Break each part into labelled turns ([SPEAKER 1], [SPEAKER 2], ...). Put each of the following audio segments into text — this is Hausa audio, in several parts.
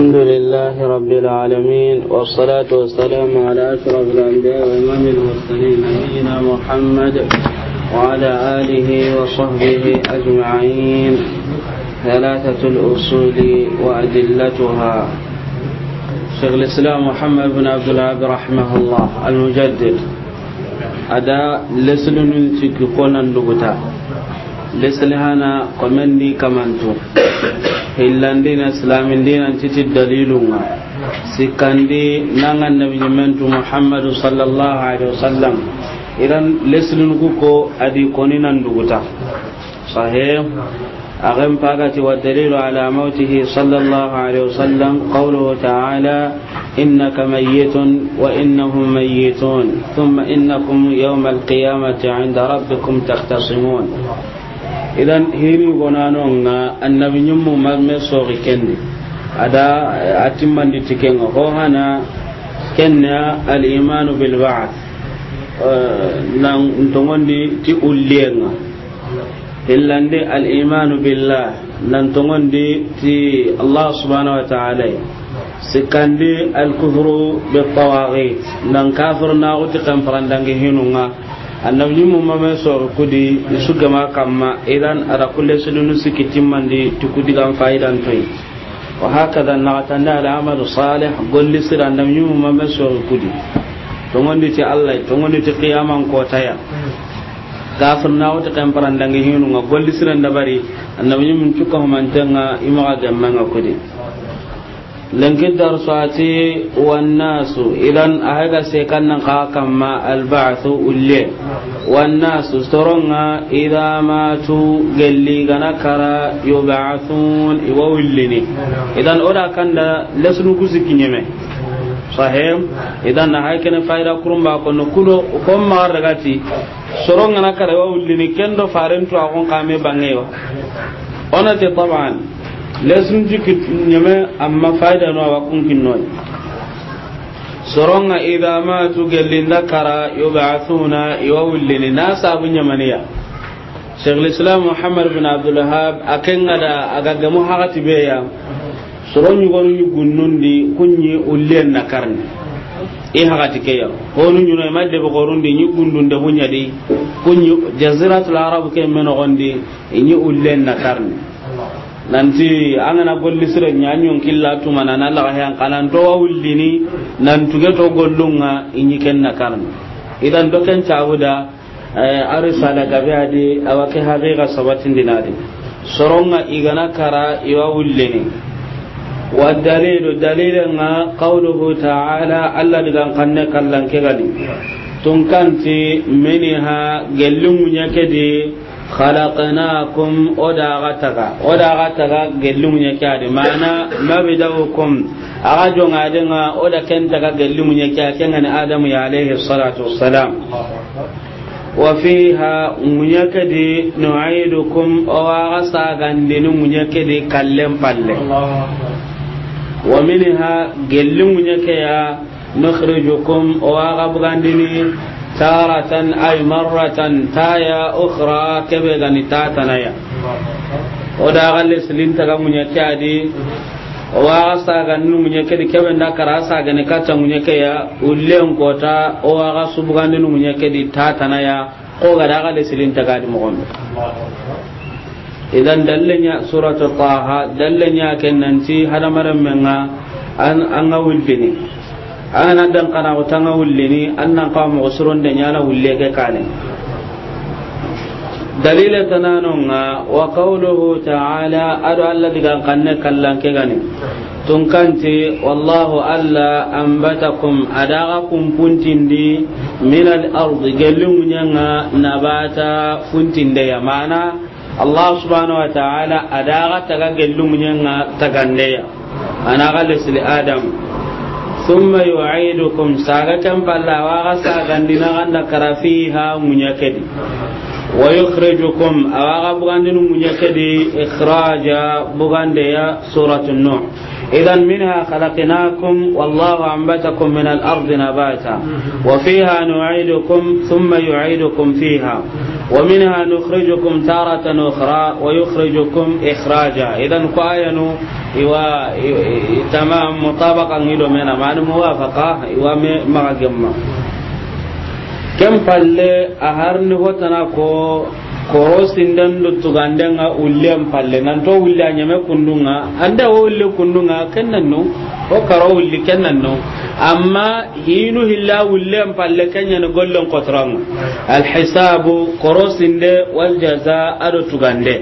[SPEAKER 1] الحمد لله رب العالمين والصلاة والسلام على أشرف الأنبياء وإمام المرسلين نبينا محمد وعلى آله وصحبه أجمعين ثلاثة الأصول وأدلتها شيخ الإسلام محمد بن عبد الوهاب رحمه الله المجدد أداء لسلن تكون اللغة لسلي هانا قمن دي كمان تو هلان دينا سلام دينا تيتي دليل سيكان دي نانا نعم النبي محمد صلى الله عليه وسلم إذن لسل نقوكو أدي كونينا ندوغتا صحيح أغم فاقتي والدليل على موته صلى الله عليه وسلم قوله تعالى إنك ميت وإنهم ميتون ثم إنكم يوم القيامة عند ربكم تختصمون idan hiri gonanonga annabi ñimmu mamme sooxi kenni ada atimmandi uh, ti kenga ho hana kenna alimanu bilbaat nan togondi ti ulliyenga hillandi alimanu billah nan togondi ti allah subhanahu wa taala sikkandi alkufru betawaxit nan kafir naxuti kenparandangi hinunga annam ni ma mame so kudi su gama kamma idan ara kulle sununu sikiti di tukudi gam faidan toy wa hakada nagatanda ala amalu salih golli sira annam ni ma mame so kudi to ngondi ti allah to ngondi ti qiyamam ko taya kafir na wata kan dangi hinu ngolli golli sira ndabari annam ni mum cukka humantanga imaga gamma nga kudi lenki darsuati wannasu idan kan sekannan kaa kama albathu ulle wannasu soronga ida matu gana kara yubathun iwa ullini idan oda kanda lesnugu sikkiñeme sahem idan ahay kene fayida kurumba kono kudo kon magar dagati sorongana kara iwa ullini kendo farentu akon kame bangewa onate taban lesum jiki nyame amma faida no wa kunkin noy soronga idha tu gelinda kara yub'athuna nasa bunya maniya Islam Muhammad bin Abdul Wahab akenga agaga mu hakati beya soron kunyi ullen nakarni hakati honu ma debe korundi ñi gundunde buñadi kunyi jaziratul arab ke ullen nakarni nanti angana golli sire nyanyon killa tuma na nala hayan kanan to wullini nan tuge to gollunga inyi kenna karam idan doken tawuda eh, arisala gabe ade awake haqiqa sabatin dinadi soronga igana kara iwa wullini والدليل دليل ما قوله تعالى ألا بدان قنة كلا كغلي تنكنتي منها قلوم يكدي خلقناكم ودا غتغا ودا غتغا قلوم يكاد معنا بدوكم أرجو عدنا أدا كنتك قلوم يكاد كان آدم عليه الصلاة والسلام وفيها منيكدي نعيدكم أواغسا غندن منيكدي كلم فلم ومنها قلوم يكيا نخرجكم أواغب غندني taratan ay marratan taya ukhra kebe gani tatanaya o da galle silin taga munya kadi wa sa ganu munya kedi kebe nda kara sa gani kata ya ullen kota o wa subgandi nu munya kedi tatanaya ko ga da galle silin taga di mo gombe idan dallenya suratu taha dallenya kennanti hadamaran menga an an ga ana dan kana utanga ni annan mu usrun de nyana wulle ke kane dalila tananonga wa qawluhu ta'ala adu alla diga kanne kallan ke gani tun kanti wallahu alla ambatakum adaga kum puntindi min al-ard gelum nyanga nabata puntinde ya mana allah subhanahu wa ta'ala adaga taga gelum nyanga ana anaga lesli adam summa yu'idukum saga kan balla wa ga saga dina ganda karafiha munyakedi wa yukhrijukum awa ga bugandinu munyakedi ikhraja bugande ya suratul nuh إذا منها خلقناكم والله أنبتكم من الأرض نباتا وفيها نعيدكم ثم يعيدكم فيها ومنها نخرجكم تارة أخرى ويخرجكم إخراجا إذا كواينو إيوا تمام مطابقا إلو من معنى موافقة إيوا مع جمع كم فل أهرني هو تناكو koro sindandu tugandenga ullem palle to ulle a ñame kundunga anda wo ulle kundunga kennan no ko karo ulli kennan no amma hinu hilla ullem palle kenyani gollen kotoranga alhisabu koro sinde waljaza aɗo tugande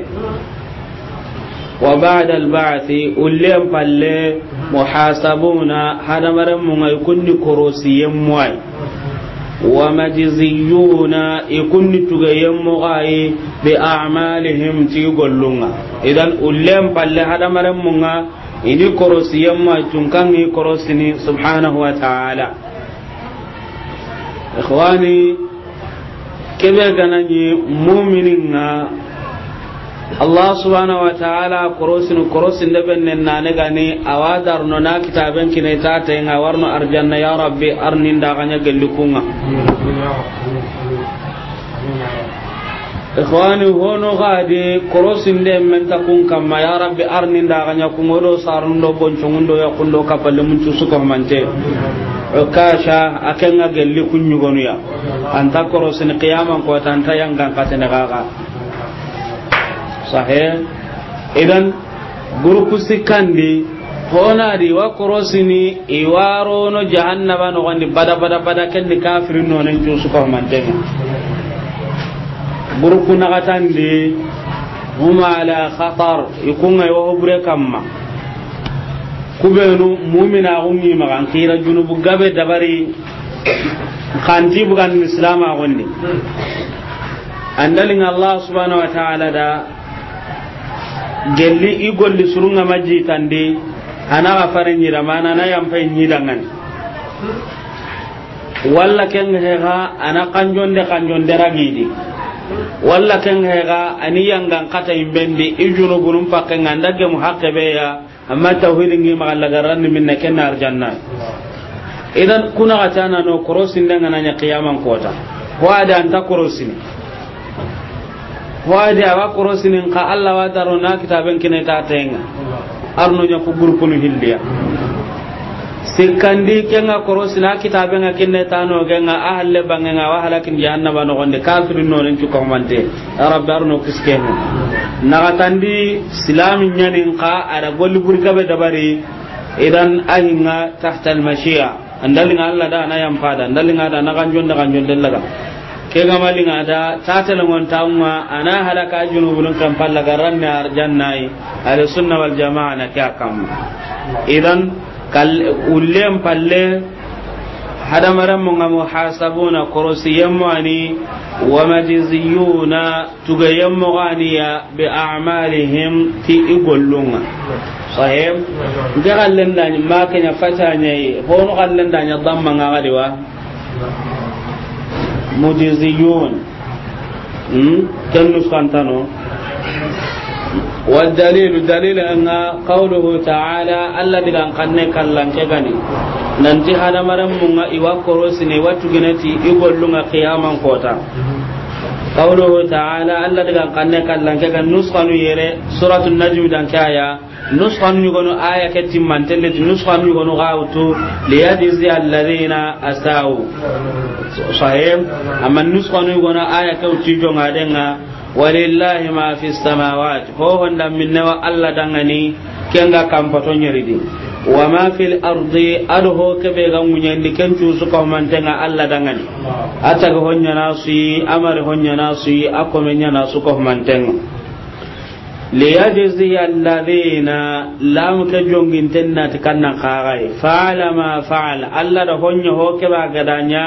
[SPEAKER 1] wa ba'da al-ba'thi ullem palle muhasabuna hadamaren mun ay kunni korosiyen muay ومجزيون يكون تغيم مغاي بأعمالهم تيغلونا إذن أولم بل هذا مرمونا إني كروسي يما تنكني كروسني سبحانه وتعالى إخواني كما كان مؤمنين allah subhanahu wa ta'ala kurosin kurosin da ban nan nane gane awadar no na kitaben kine ta ta yin awar no arjanna ya rabbi arnin da ganya gallukunga ikhwani hono gadi kurosin da men ta kun kamma ya rabbi arnin da ganya kun odo sarun do boncungun do ya kun do kapalle mun cu su ko mante kasha akenga gelli kun nyugonu ya anta kurosin qiyamam ko ta tan ta yangan katene gaga sahih idan gurku sikandi honadi wa korosini no jahannaba nogondi bada bada bada kendi kafiri nonen cusukahumantenga gurku nagatandi huma ala khatar ikunga iwa hobure kamma kubenu mumina gumi maga nkira junubu gabe dabari kanti bugan islama gondi andalin allah subhanahu wa ta'ala da gelli i golli surunga majitandi ana ga fare nyira mana ana yampai nyidangani walla ken hega ana kanjonde kanjonde ragidi walla ken hega ani yangan kata imbendi i junubunum pakke anda gemu hakke beya amma tawhidin ngi magalla garanni minna ken arjanna idan kuna gatana no korosin dangana nya qiyaman kota ko ada anta korosin hoade awa korosinin ka allah wa daro na kitaben kine ta tenga arno nya ku groupe nu hilliya sikkandi kenga korosina kitaben ga kinne ta no genga ahalle bangenga wa halakin ba no gonde kafirin no nen cuko mante rabbi arno kiskeno nagatandi silami nyanin ka ara golli burgabe dabari idan ahinga tahta al-mashi'a andalinga allah da na yam fada andalinga da na ganjon da ganjon dellaga ke ga malinga da tatal wanta tamma ana halaka junubun kan palla garan na arjannai al sunna wal jamaa na ka kam idan kal ullem palle maram mun ga muhasabuna kursiyan ani wa majziyuna tugayan mu ya bi a'malihim ti igollunga sahem ga allan da ma kanya fatanya hono allan da nya damma ngadiwa mujiziyun hmm kan nuskantano والدليل دليل أن قوله تعالى الذي كان قنن كلن كغني من إيوا كروسني يقول لنا قياما قوتا قوله تعالى الله دغا قنن كلان كان نسخن يره سوره النجم دان كايا نسخن يغنو آية كتيم من تلت نسخن يغنو غاوتو ليجزي الذين أساءوا صحيح اما نسخن يغنو آية كوتي جونغا دنغا ولله ما في السماوات هو هندم من نوى الله دنغني كينغا كامبوتو نيريدي wama fil ardi ado ho kebe ga munyandi ken tu su ko mantenga alla dangani ata ga honnya nasi amari honnya nasi ako menya na su ko mantenga li yajzi alladhina lam tajungin tanna tikanna qaray fa lama fa'al alla da honnya ho keba ga danya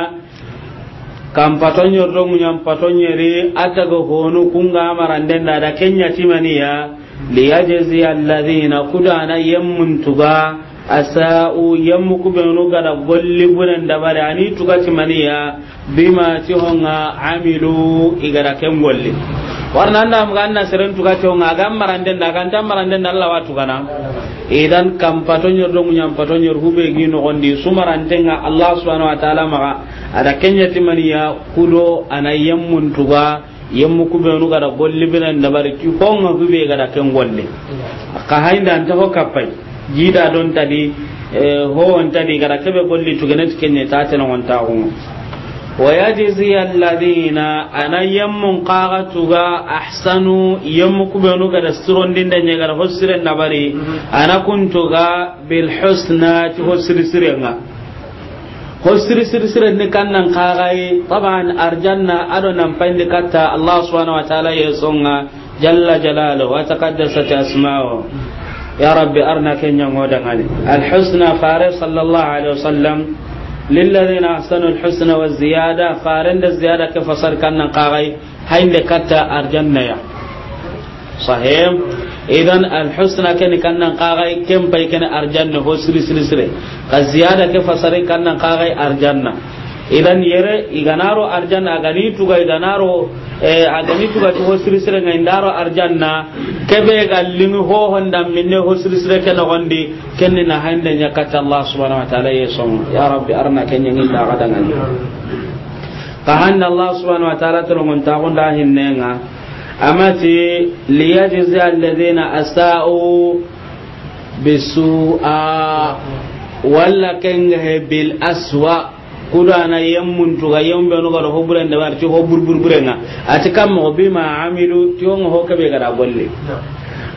[SPEAKER 1] kam patonyo do munyam patonyeri ata ga honu kunga amara ndenda da kenya timaniya liyajzi alladhina kudana yammun tuga asa'u yammu kubenu gada golli bunan dabare ani tuga timaniya bima ti honga amilu igara ken golli warna anda mga anna seren tuga ti honga agam maranden da kan maranden da Allah watu kana idan kam patonyor do munyam patonyor hube gi no gondi sumarantenga Allah subhanahu wa ta'ala maga ada kenya timaniya kudo anayammun tuga yemmu kubenu gara golli bina da bari ki honga kube gara ken golle ka hainda anta ho kapai jida don tadi eh, ho on tadi gara kebe golli tugene tikenne ta tana wanta hu wa yajzi alladhina ana yemmun qaga tuga ahsanu yemmu kubenu gara siron din da nyagara hosiren da bari mhm. ana kuntuga bil husna ti hosiri sirenga ko siri siri siri ni kannan kagai taban arjanna ado nan pandi katta allah subhanahu wa ta'ala ya songa jalla jalalu wa taqaddasat asma'u ya rabbi arna kenya ngoda ngani al husna sallallahu alaihi wasallam للذين الحسنى فارند كان هين لكتا صحيح idan alhusna ken kannan qagai ken pai ken arjanna ho siri siri sire ka ziyada ke fasare kannan qagai arjanna idan yere iganaro arjanna agani tuga iganaro e agani tuga ho siri sire ngai ndaro arjanna kebe gallin ho honda minne ho siri sire ken gondi ken ni na hande nya kata allah subhanahu wa ta'ala yesom ya rabbi arna ken ngi da kadangan ka hanna allah subhanahu wa ta'ala tolongon ta gonda hinnenga amati liyajzi alladhina asa'u bisu'a walla kenga he bil aswa kudana yammun tuga yambe no garo hoburen da barci hobur burburenga ati kam mo bi ma amilu tiyon ho kabe gara golle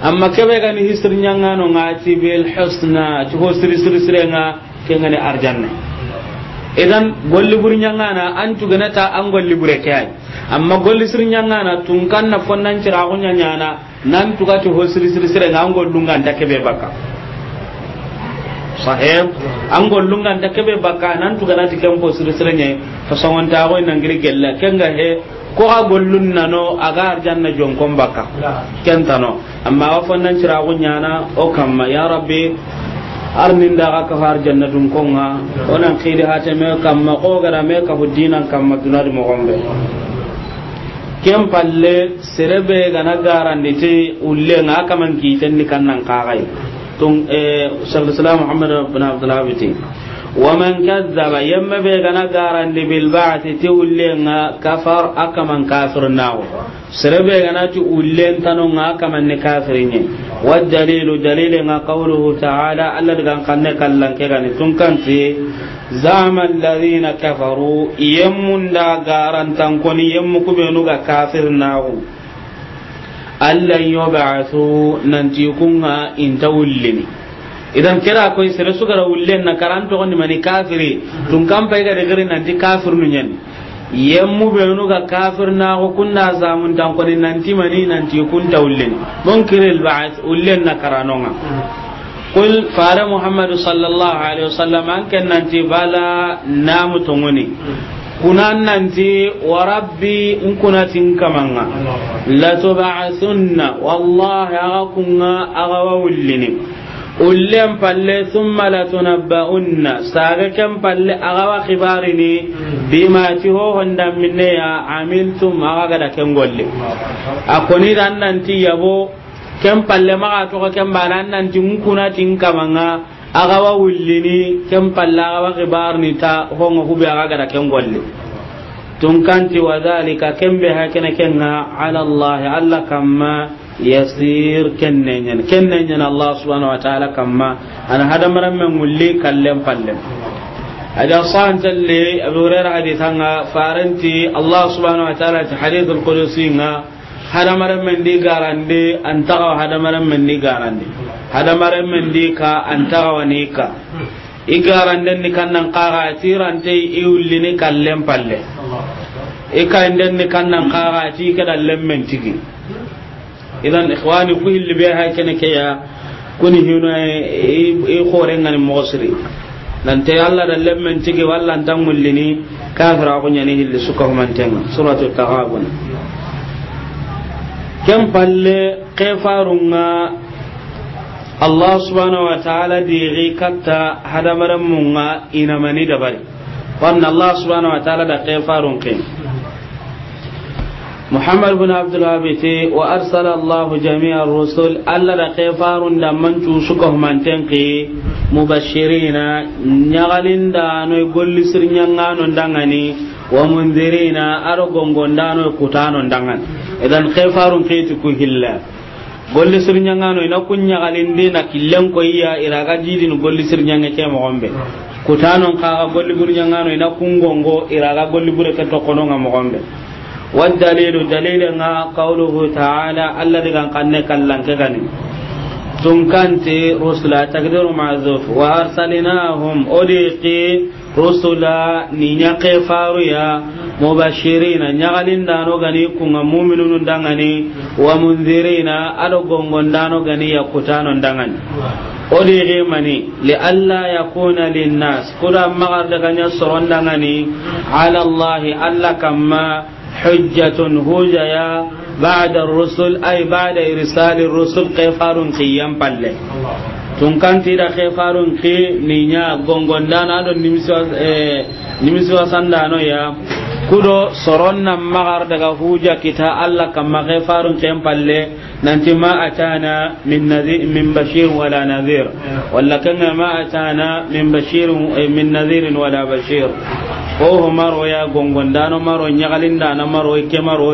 [SPEAKER 1] amma kabe ga ni hisr nyanga no ngati bil husna ti ho siri siri sirenga kenga ne arjanna idan golli bur nyanga na an tuga na ta an golli bure kai amma golli sir nyangana tun kan na fonnan cira ko nyanyana nan tuka to ho sir sir sir nga ngol dunga nda kebe baka sahib an ngol lunga nda kebe baka nan tuka na tikam ko sir sir nyai to songon ta ko nan gire gella kenga he ko ga gollun nano aga arjanna jonkon baka no amma wa fonnan cira ko nyana o kamma ya rabbi ar min da ka har jannatun konga onan khidi hatame kamma ko gara me ka huddinan kamma dunar mo gombe ken palle serebe na garandite ulle nga akaman kitenni kannan kaxay tun eh, shekhislam muhammad bin abdullah biti waman kazzaba yemma be gana garandi bilbaati ti ulle nga kafar akaman kafir nawo serebe ganati ullen tano nga kamanne kafirinye wa dalilu dalile nga qawluhu ta'ala alla daga kanne kallan ke gani tun kanti zama alladhina kafaru yemmun da garantan koni yemmu kubenu ga kafir nawo alla yub'athu nanti kunga ta ullini idan kira koy sere sugara ullen na karanto ni mani kafiri tun kan pay ga de gari nanti kafir nu nyani yemmu benu ga kafir na ko kunna zamun tan ko timani nan ti kun tawlin munkiril ba'at ullen na karanonga kul fara muhammadu sallallahu alaihi wasallam an kan ti bala namu tongoni kunan ti wa rabbi in kuna tin kamanga la tub'athunna wallahi aga kunga aga ullen palle summa la tunabba'unna saga kan palle agawa kibarini bima ti ho honda minne ya amiltum aga da ken golle akoni dan nan ti yabo kan palle ma to kan banan nan ti mukuna tin kamanga agawa wullini kan palle agawa khibarni ta hongo hubi aga da ken golle tun kanti wa zalika kan be hakene kenga ala allah alla kamma yasir kennenyen kennenyen allah subhanahu wa ta'ala kamma ana hadamaran men mulli kallem pallem ada sahan talle abu hurairah hadith hanga faranti allah subhanahu wa ta'ala ta hadith al-qudusi nga hadamaran men di garande antaga hadamaran men di garande hadamaran men di ka wa wani ka i igaranden ni kannan qara tirante iwlini kallem palle ikan den ni kannan qara ti kada lemmen tigi idan ikhwani ku hilli be ha kene ke ya kuni hinu e, e, e khore ngani mosri nan te alla da lemmen tigi walla ndan mulini kafira ko nyani hilli suka humantenga suratu taghabun kem palle kefarunga allah subhanahu wa ta'ala digi katta hadamaran munga inamani dabari wanna allah subhanahu wa ta'ala da kefarun kin محمد بن عبد الوهاب وارسل الله جميع الرسل الا لقفار لمن تشكه من تنقي مبشرين نغلين دانو يقول سر نغانو ومنذرين ارغون كوتانو اذا golli ina kunya galindi na killen ko iya golli sirnyanga ke mo gombe kaga golli ina kungongo golli bure ke mo gombe والدليل دليل ما قوله تعالى الذي كان قلنا كلن كغني تنكنت رسلا تقدر معذوف وارسلناهم أديقي رسلا نينيقي فاريا مبشرين نيغلين دانو غني كون مؤمنون دانغني ومنذرين ألو غنغن دانو غني يقتانون دانغني odiri mani li alla yakuna linnas kuda magar daga nya soron dangani ala allah alla kamma حجة هجيا بعد الرسل أي بعد إرسال الرسل قفار قيام بالله tun kanti da ke farun ke ninya gongon dana don nimisiwa eh, sandano ya kudo soron nan magar daga huja kita Allah kan magai farun ke palle nan ti ma a min nazir min bashirin wala nazir wala kan ma atana min bashirin eh, min nazirin wala bashir ko maro ya gongon dano maro da dana maro ke maro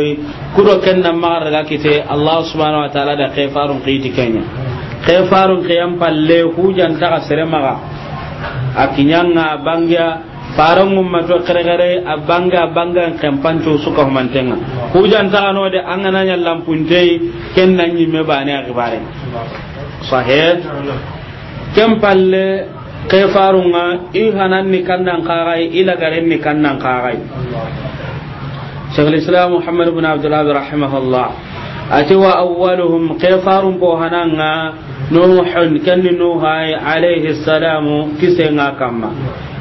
[SPEAKER 1] kudo kan nan magar daga kite Allah subhanahu wa ta'ala da ke farun kiti kenya ke farun palle hujan ta asere maga akinyanga bangya faran umma to kare a banga banga kampan to suka mantenga hujan ta anode de an lampun lampunte ken nan me bane a gibare sahih kem palle ke farunga i hanan ni kannan kharai ila garen ni kannan kharai شيخ الإسلام محمد بن عبد الله رحمه الله أتوا أولهم قيفار بوهنانا nuhun kenni nuhai alayhi salamu kisenga kamma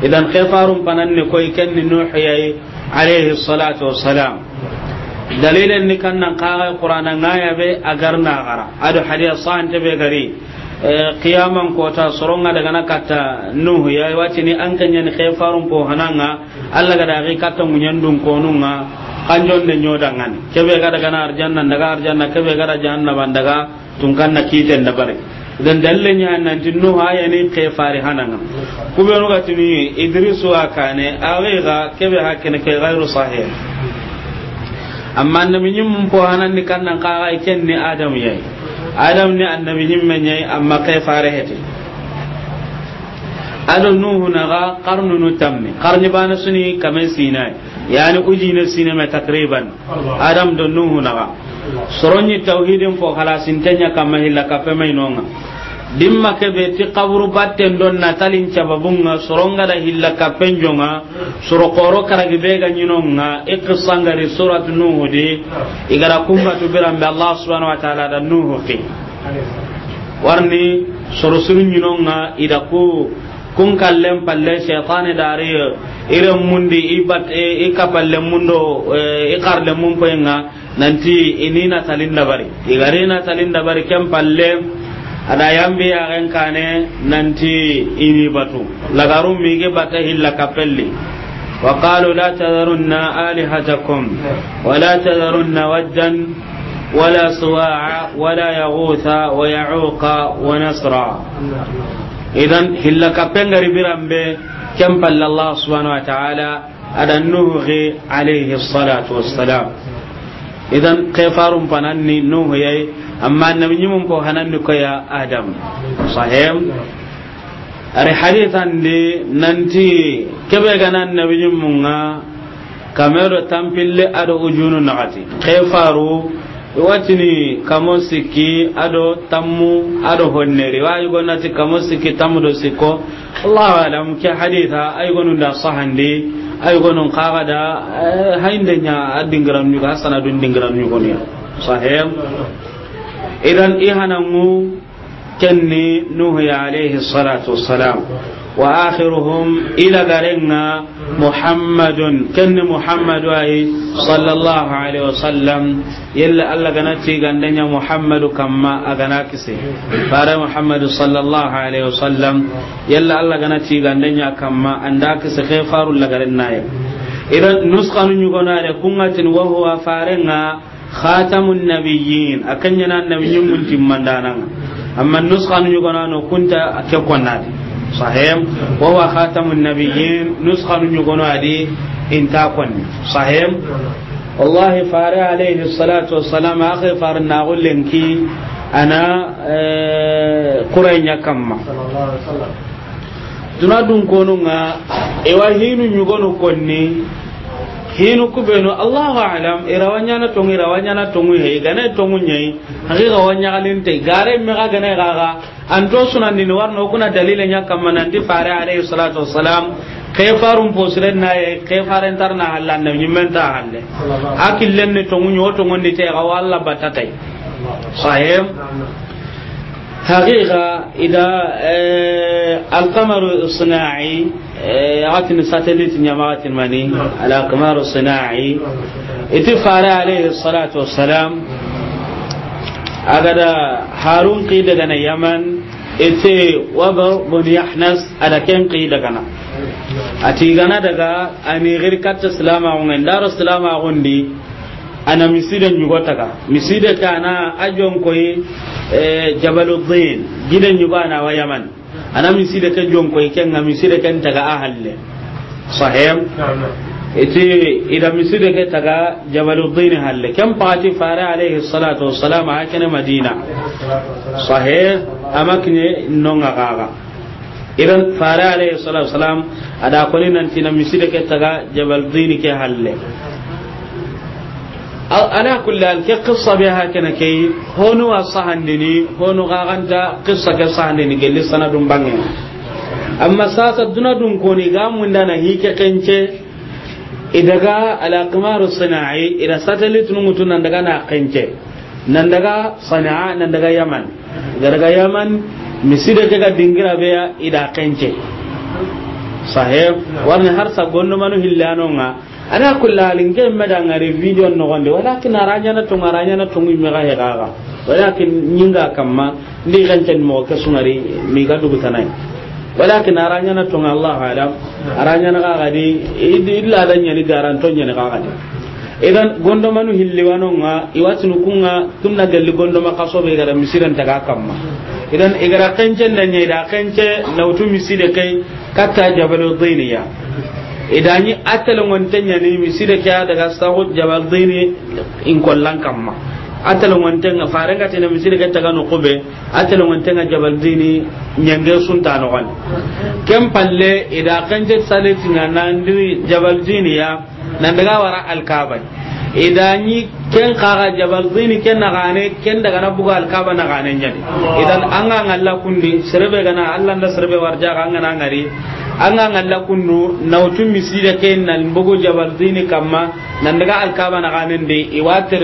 [SPEAKER 1] idan khifarum pananni koy kenni nuhiyai alayhi salatu wassalam dalilan ni kannan kaga qur'ana ngaya be agarna gara adu hadiya san te be gari eh, qiyaman kota soronga daga na kata nuhu ya wati ni an kanya ni khifarum po hananga alla ga da gi kata munyandun konunga kanjon de nyodangan kebe ga daga na arjanna daga arjanna kebe ga da jahannama daga tun kanna kiten da bare dan dalle nya nan tin ah, no haya ne ke fare hananga ku be no gatini idrisu kee awiga haa kene ke gairu sahih amma annabi nyim mun po ni kannan ka ga kenni ni adam yayi adam ni annabi nyim men amma ke fare hete ado nuhu na ga qarnu nu tammi qarni bana suni kamen sinai yaani uji ne sinai takriban adam do nuhu na soronyi tauhidin fo halasin halasintenya kamma hilla kafemai nonga dimma kebe ti kaburu batten don natalin cababunga soronga da hilla kapenjonga soro koro karagi bega nyinonga iqsangari suratu nuhu di igara kumbatu birambe allah subhanahu wa ta'ala da nuhu ki warni soro suru nyinonga ida ku kun kallen palle shaytan dari irin mundi ibat e ikapalle mundo e karle mun penga nanti ini na talin dabari igari na salin dabari kem palle ada yambi agen kane nanti ini batu lagarum mige bata hilla kapelli wa qalu la tadharunna alihatakum wa la tadharunna wajdan wala suwa'a wala yaghutha wa ya'uqa wa nasra idan hilla kapengari birambe kem palle allah subhanahu wa ta'ala ada nuhu alayhi salatu wassalam idan kefarum pananni nuhu yayi amma annabi nyimum ko hananni ko ya adam sahem ari hadithan de nanti kebe gana annabi nyimum nga kamero tampille ado ujunu nagati kefaru watini kamo sikki ado tammu ado honneri wayi gonnati kamo sikki tammu do sikko allahu alam ke haditha ay gonu da sahandi ay gonon kaga da eh, hainde nya adingram nyugo hasana dun dingram nyugo ne sahem idan ihanangu kenni nuhu alayhi salatu wassalam wa'i akiruhu ina gare nga muhammadun kai muhammadu ayyana sallallahu alaihi wa sallam yalɛ an lakanan tiga an danya muhammadu kama agana akasai. sallallahu alaihi wa sallam yalɛ an lakanan tiga an danya kama agana akasai ke idan nuskan yugunane kun atin wahua faare nga katamu nabiyun akanyana nabiyun mutumin da amma nuskan yugunano kun ta ke صحيح وهو خاتم النبيين نسخة يقولوا ادي انتا كون صحيح والله فارع عليه الصلاة والسلام أخي فارنا لك أنا قرين كما دون دون كونونا إيوا هينو نيغونو كوني hinu kubenu allahu alam irawanya na tongu irawanya na tongu he gane tongu nyai hagi gawanya te gare me ga ga ga anto sunan din warno kuna dalile nya kamana ndi fare alayhi salatu wassalam kefarum posiren na ye kefaren tar na hallan na ni menta halle len ni tongu nyoto ngondi te ga walla batatai sahem حقيقة إذا آه القمر الصناعي أغتن ساتليت نيامات على القمر الصناعي اتفار عليه الصلاة والسلام أجد هارون قيد لنا يمن ite waba بن يحنس على كم قيد لنا na غنا دعا أني غير gir katta salama دار السلام salama gundi ana misida ñugotaka misida tana a jonkoyi e, jabalu dhin gida ñugana wa yaman ana misida ke ken kenga misida ken taga a sahem ite ida misida ke taga jabalu dhin halle ken pati fara alayhi salatu wassalamu a kene madina sahem amakne nonga gaga idan fara alayhi salatu wassalam ada koni tinan misida ke taga jabal dhin ke halle ala kulli al ke qissa be ha kana ke honu asahandini honu gaganta qissa ke sahandini gelli sanadun bangi amma sasa dunadun koni ga mun dana hi ke kence idaga ala qimaru sana'i ida satellite nun mutun nan daga na kence nan daga sana'a nan daga yaman daga yaman misida daga dingira be ida kence sahib warne har sa gondo manu hillanonga ana kullalin ke meda ngari video no gonde walakin aranya na tunga aranya na tungu me ga hega walakin nyinga kamma ndi gancen mo ka sunari mi ga dubu tanai walakin aranya na tunga allah ala aranya na ga di illa dan nyani garanto nyani ga ga idan gondo manu hilliwano nga iwatinu kunga tunna galli gondo ma kaso be gara misiran ga kamma idan igara kence nan ne da kence lautu misile kai katta jabalu dhiniya idani atalon tanya ne mi sida kya daga jabal jabardini in kollan kamma atalon wanten ga faran ga tana mi sida ga taga no kobe atalon wanten jabal jabardini nyange sun ta no wan kem palle ida kan je salati na nan jabardini ya nan daga wara alkabai yi ken kaga jabal zini ken na gane ken daga na buga alkaba na gane nyadi idan an ga ngalla kundi serbe gana allah da serbe warja ga ngana ngari an ga ngalla kundu nautu misida ken na mbugo jabal zini kamma nan daga alkaba na gane de iwatir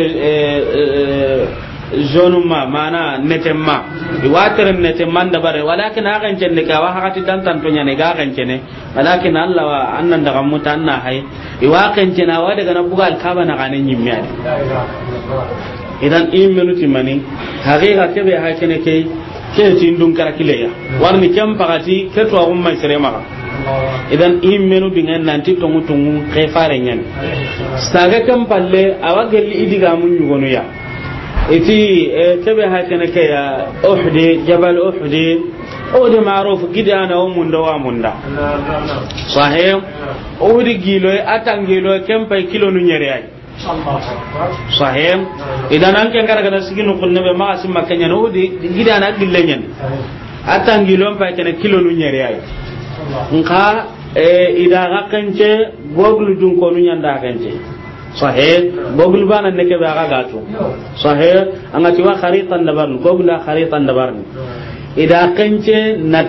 [SPEAKER 1] zonuma mana netemma iwateren netemman dabare walakin a kencenne ke awa hakati dantanto ñane ga kencene walakin allah wa an nan daga muta an na hay iwa kencene awa daga na buga alkaba na gane ñimme idan i minuti mani haqiqa kebe ha kene ke ke tin dun kara kileya warni kem pagati ke to agum mai sere maga idan i menu dingen nanti tongu tongu ke fare ñani saga kam palle awa gelli idiga mun ñugonuya iti kebe hakana kaya uhdi jabal uhdi uhdi maruf gida na munda wa munda sahih uhdi gilo atangilo kempa kilo nu nyere ay sahih idan an kan sigin kun ne ma asim makanya no uhdi gida na gillenyen atangilo pa sahe gogul bana ne ke baga gato sahe anga tiwa kharitan kharitan ida kance na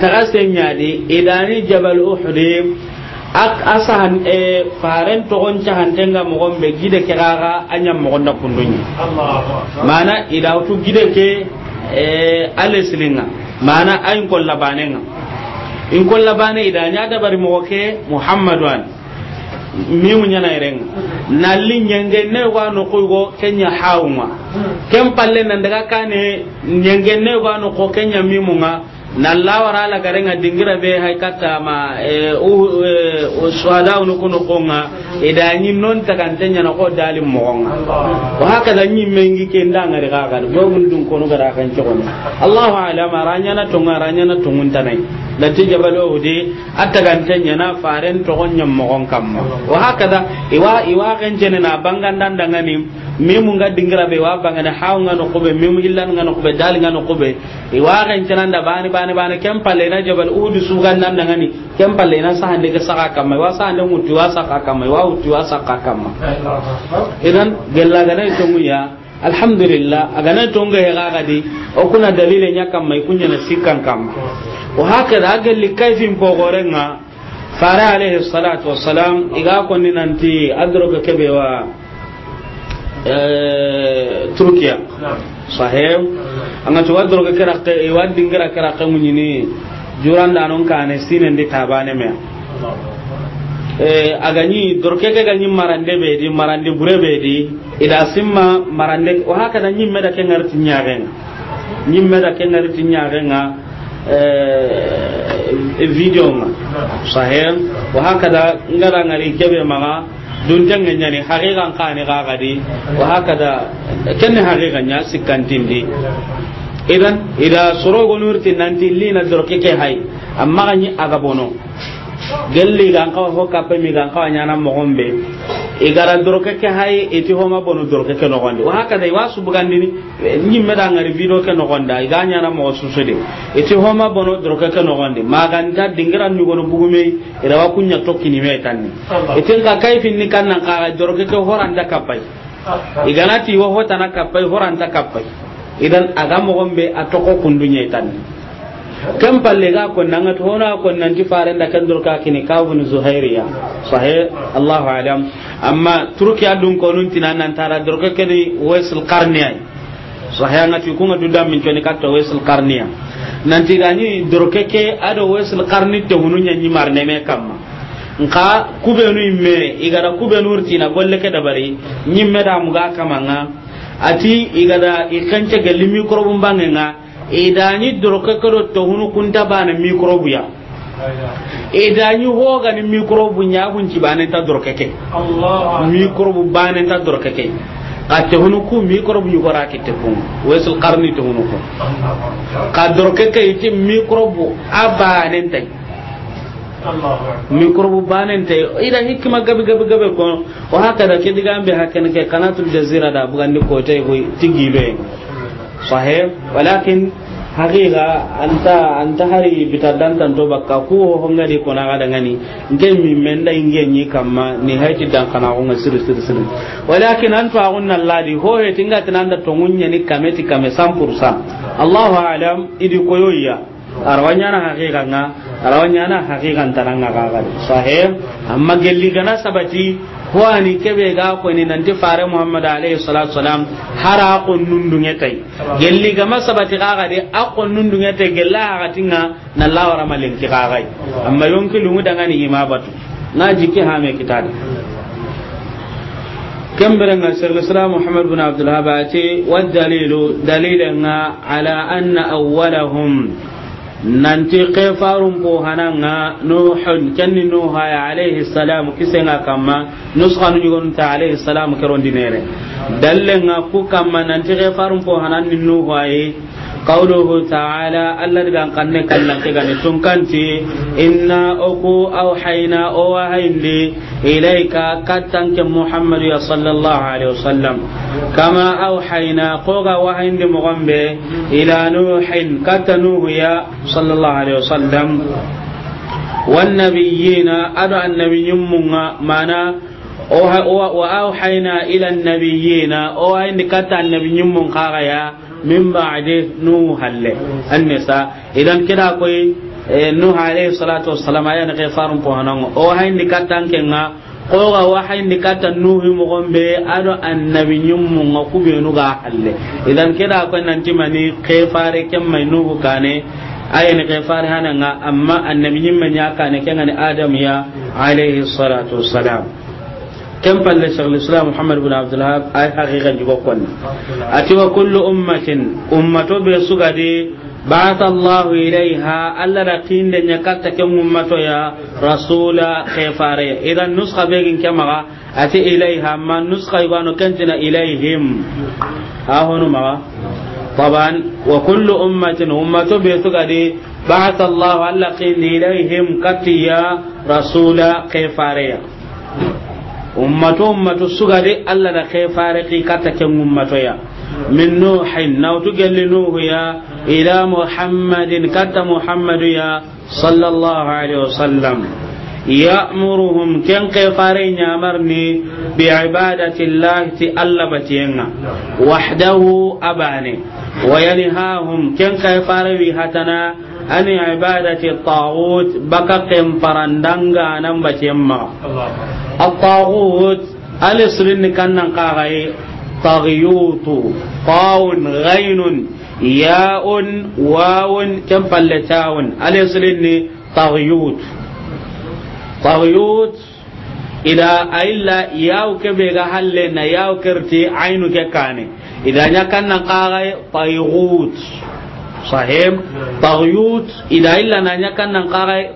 [SPEAKER 1] jabal uhud ak asahan e faren to gon mo gon be gide ke gaga mo gon mana ida utu gide ke e mana ayin in kollabane dabari mo ke muhammadu mimu nyana irenga na linyenge ne wa no ko kenya hauma hmm. kem palle nan daga kane nyenge ne wa no ko kenya mimu nga nalla wara la garenga dingira be hay katta ma o e, e, swada unu kuno konga e, da nyin non tenya na ko dalim moonga wa haka da nyin mengi ke ndanga re kaga go mun dun kono gara kan chokon Allahu alama ranya na tonga ranya na tungun tanai lati jabalo kan tenya na faren to gonya moonga kamma wa haka da iwa iwa kan jene na bangandan dandanga ni memu nga dingira be wa bangana hawnga no kobe memu illa nga no kobe dal nga no kobe e wa kan da bani bani bani kem palle na jabal udu sugan nan da ni kem palle na sa hande ga saka kam wa sa hande mutu wa saka kam wa utu wa saka kam idan gella ga na to muya alhamdulillah aga na to ga ga ga di o kuna dalile nya mai kunya na sikkan kamma o hakada agalli kaifin pogorenga fara alaihi salatu wassalam iga konni nanti kebe kebewa Eh, turkiya sahih anga to wadro ke kara ke wadin gara kara ke ne juran da non kane sinen de tabane me eh agani dorke ke ganyi marande be di marande bure be di ida simma marande o haka da nyimme da ken ngarti nyaare nyimme da ken ngarti nyaare nga eh video nga sahih wa haka da ngara ngari kebe maga dun tanga nyani haqiqan qani gagadi wa hakada ken haqiqan nya sikantindi idan ida sorogo nurti nanti lina dorke ke hay amma gani aga gelli gan kawa ho kape mi gan kawa nyana mogombe igaran doro ke ke hay eti homa bonu doro ke ke no gonde wa haka dai wasu bugandi ni nyimme da ngari video ke no gonda iganya na mo susude eti homa bonu doro ke ke no gonde maganta dingiran ni gono bugume ira wa kunya tokki ni metan ni etin ka kaifin ni kan na ka doro ke ke horanda kapai iganati wo na kapai horanta kapai idan aga mo gombe atoko kundunya itan ni kan palle ga kon nan ato na kon nan ti faran da kan durka kini kawun zuhairiya sahih Allahu alam amma turki adun ko nun tinan nan tara durka kini waisul qarniya sahih ngati ku ngadu dam min kini katta waisul qarniya nan ti gani durka ke ado waisul qarni te hunun nyi marne me kamma nka nu imme igara nur urtina golle ke dabari nyimme da mu ga kamanga ati igada ikanche galimi korobun bangenga idani droka karo to hunu kunta bana microbe ya idani hoga ni microbe nya ci bana ta droka ke Allah microbe bana ta droka ke ate hunu ku microbe yu gora ke te kun wesul qarni to hunu ko ka droka ke ite microbe abane tai mikrobu banen te ida hikma gabi gabe gabe ko o haka da ke diga ambe hakan ke kanatul jazira da ni ko tay go tigibe صحيح ولكن haqiqa anta anta hari bitadan tan to bakka ku ho ngadi ko na gada ngani ngem mi menda ngenyi kamma ni haiti dan kana ko ngasir sir sir walakin an fa gunna ladi ho he tinga tananda to ngunya ni kameti kame 100% Allahu alam idi koyoya arawanya na haqiqa nga arawanya na haqiqa tananga ga ga amma gelli gana sabati hoani kebe ga nan ti fare muhammad alayhi salatu wasalam hara qonnun dunye tai gelli ga masabati ga ga de aqonnun dunye tai gella ga tinga na lawara malin ki ga ga amma yonki lungu daga ni ma batu na jiki ha me kitadi كم برنا سر الإسلام محمد بن عبد الهاب والدليل دليلنا على أن أولهم nanti kefarun ko hananga nuhun kenni nuha ya alayhi salam kisenga kamma nuskanu yugon ta alayhi salam keron dinere dalle nga ku kamma nanti kefarun ko ni nuha ye qawluhu ta'ala allad bi an qanna kallan kigani tun kanti inna uku awhayna o wa hayndi ilayka katan ke muhammadu ya sallallahu alaihi wasallam kama awhayna ko ga wa hayndi mugambe ila nuhin katanu ya sallallahu alaihi wasallam wan nabiyina adu an nabiyyun munga mana wa awhayna ila an nabiyina o hayndi katan nabiyyun mun kharaya min ba'de nuh halle annisa idan kida koi nuh alayhi salatu wassalam ayan ghafarun pohanan o hayni katan kenga ko ga wa hayni katan nuh mo gombe ado annabi nyum mo be nu ga halle idan kida koy nan timani ghafare mai nuh kane aya ne kefar hananga amma annabi nyimma nyaka ne ni adam ya alayhi salatu wassalam كم فلسر الإسلام محمد بن عبد الوهاب أي حقيقة جبقون أتي وكل أمة أمة بسقدي بعث الله إليها ألا رقين لن يكت كم أمة يا رسول خيفاري إذا النسخة بيجن كما أتي إليها ما النسخة يبانو كنتنا إليهم ها هاهون ما طبعا وكل أمة أمة بيسقدي بعث الله ألا قين إليهم كتيا رسول خيفاري ummato ummato sugade allah da kai fariki kata ken ummato ya min nuhin nautu gelli nuhu ya ila muhammadin kata muhammadu ya sallallahu alaihi wasallam ya'muruhum kan kai fare nyamarni bi ibadati allah ti allah a wahdahu abane wa yanhahum kan kai fare wi hatana an ibadati taghut baka kem parandanga nan bacemma at-taghut alisrin kannan qagai taghiyutu qawun ghainun ya'un wawun kam pallatawun alisrin taghiyut taghiyut ida ailla yaw kebe ga halle na yaw kirti ainu ke kane idan ya kannan qagai taghut sahib taghyut ida illa nanya kan nan qara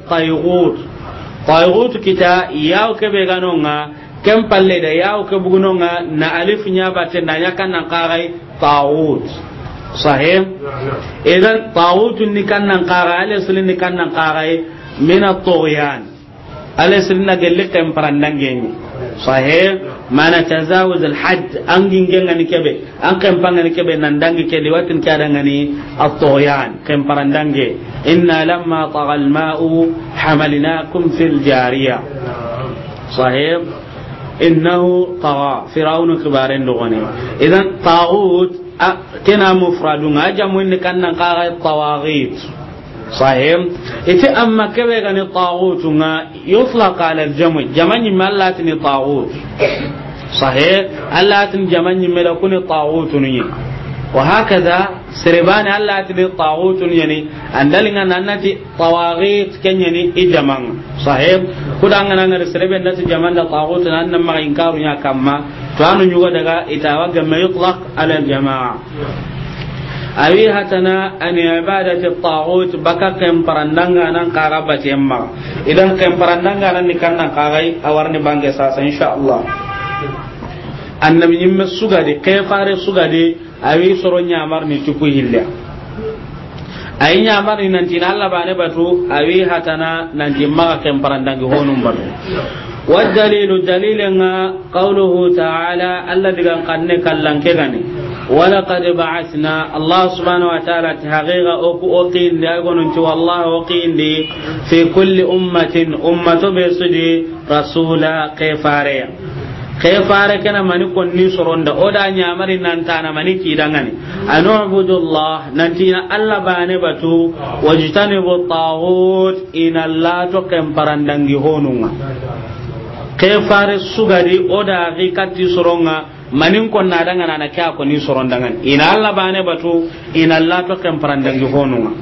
[SPEAKER 1] kita yaw ke be ganonga kem palle da yaw ke bugunonga na alif nya batte nanya kan nan qara idan ni kan nan qara ni kan nan qara min at-tughyan na gelle kem mana tazawuz al hadd an gingen ngani kebe an kan pangani kebe nan dangi ke liwatin ka dangani at-tughyan kan parandange inna lamma tagha al ma'u hamalnakum fil jariya sahib innahu tagha fir'aun kibarin dogone idan taghut kena mufradun ajamu ni kannan qaga tawaghit صحيح إتي أما كبه غني طاغوت يطلق على الجمع جمع ما لا تني طاغوت صحيح ألا تن ما لكون طاغوت وهكذا سربان ألا تني طاغوت يعني أن دلنا ننتي طواغيت كن يعني إجمع صحيح كدا أننا نرى سربان نتي جمع طاغوت أن ما إنكار يا كما فأنا نيوغا دغا إتاوا جمع يطلق على الجماعة awi hatana an ibadati taghut baka kem parandanga nan kaga batem ma idan kem parandanga nan nikan nan kagai awarni bangge sasa insha Allah annabi nyimme suga de ke fare suga de awi soro nyamar ni tuku hilla ayi nyamar ni nan tinalla Allah bane batu awi hatana nan jimma kem parandanga honum batu والدليل دليلنا قوله تعالى الذي كان قد كلن كغني ولقد بعثنا الله سبحانه وتعالى تحقيق أقين دي أقننت والله أقين دي في كل أمة أمة بسدي رسولا كفاريا kefare kana mani konni soronda o da nyamari nan tana mani kidangani an ubudullah nan tina alla bane batu wajtani bu taghut in alla to kan parandangi honunga kefare sugari o da gi katti manin kon na danga na kya ko ni soron danga ina Allah bane batu ina Allah to kan parandangi honunga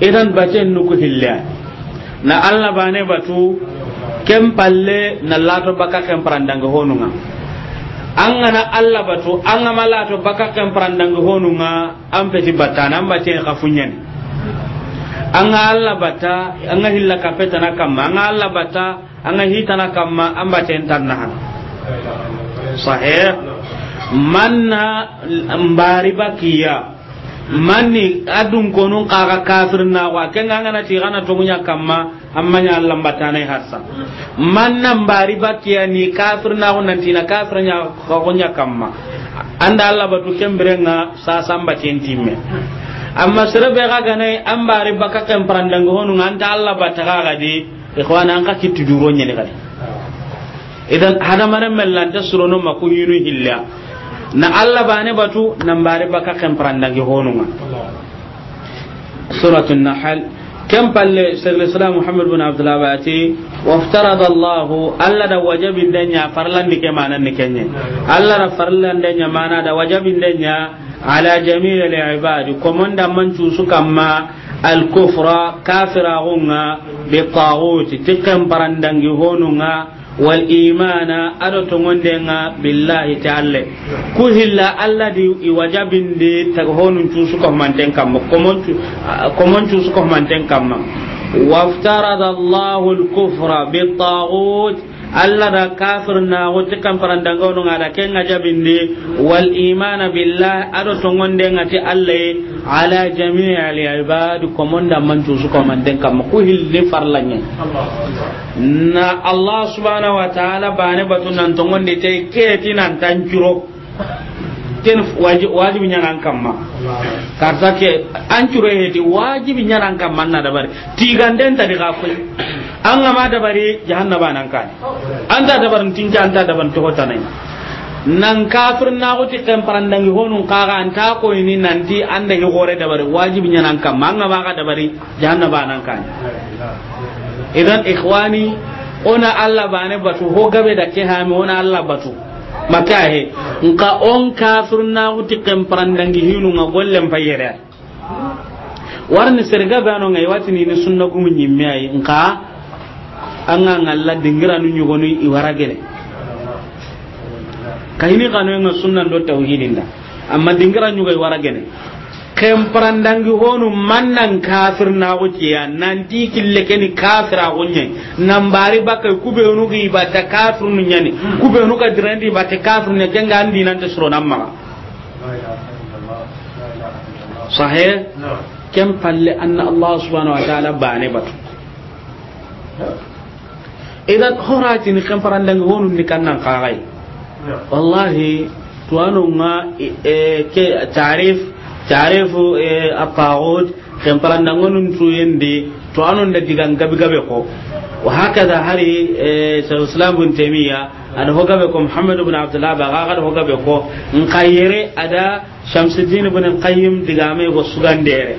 [SPEAKER 1] idan bacen nuku hilla na Allah bane batu kem palle na lato baka kan parandangi honunga an gana Allah batu an gama lato baka kan parandangi honunga an feti battana an bacen kafunyan an ga Allah bata an ga hilla kapeta na kamma an ga Allah bata an ga na kamma an ba ce na hana. sahih manna mbari bakiya manni adun konun kaga kafir na wa kenga ngana ti gana to munya kamma amma nya Allah batane hassa manna mbari bakiya ni kafir na wannan kafir nya ko nya kamma anda Allah batu kembere nga sa samba tentimme amma sirabe ga gane an bari baka kan parandango honu anta Allah an ka idan hadamaren mallan ta suru nun maku yinu hilla na Allah ba ne batu nan ba ka baka kan faranda ge honuma suratul nahl kan palle sallallahu islam muhammad bin abdullah ba ti waftarad Allah Allah da wajibin danya farlan dike manan nikenye Allah da farlan danya mana da wajibin danya ala jami'il al ibad komanda man cu su kamma al kufra kafira gunga bi taghut tikam parandangi honunga wal imana ado wanda ngondenga billahi ta'ala ku hilla alla di iwajabin de tag honun tu su ko manten kam ko mon tu kufra allah da kafir na wuti kan a da ngada ke ngajabin de wal imana billah ado tongonde ngati allah ala jami'i al ibad komonda man su komanden kam ku hilli farlanye na allah subhanahu wa ta'ala bane batun nan tongonde te ke tinan tanjuro ten wajibi ñanan kamma karta ke an curo heti wajibi ñanan kamma na dabari tiganden tadi ka koy an gama dabari jahanna ba nan kani anta dabarin tinca anta to hota nan nan kafir na ti kan parandangi honun kaga an ta ko ni nanti anda hi gore dabari wajibi ñanan kamma an gama ga dabari jahanna ba nan kan idan ikhwani ona allah bane batu ho gabe da ke ha mi ona allah batu makahe nka on kafir na huti kemparandangi hinu nga gollem fayere warni serga bano ngai wati ni sunna gumu nyimmai nka anga ngalla dingira nu i iwaragene kahini kanu nga sunna do tauhidinda amma dingira nyugai waragene dangi honu mannan kafir na ya ni kafir a kafira nan bari baka kube nu gi ta kafir nu nyani kube wani ka ba ta kafir ne kenga andi nan ta suro ma. sahih kem palle anna allah subhanahu wa ta'ala bane batu idan horati ni dangi honu ni kannan kagai wallahi tuwanu nga e, e, ke tarif tarefu at-taghut kan paranda ngonun tuyendi to anon da gabi ko wa hari islam ko muhammad ibn ba ko in ada shamsuddin ibn al-qayyim digame go sugandere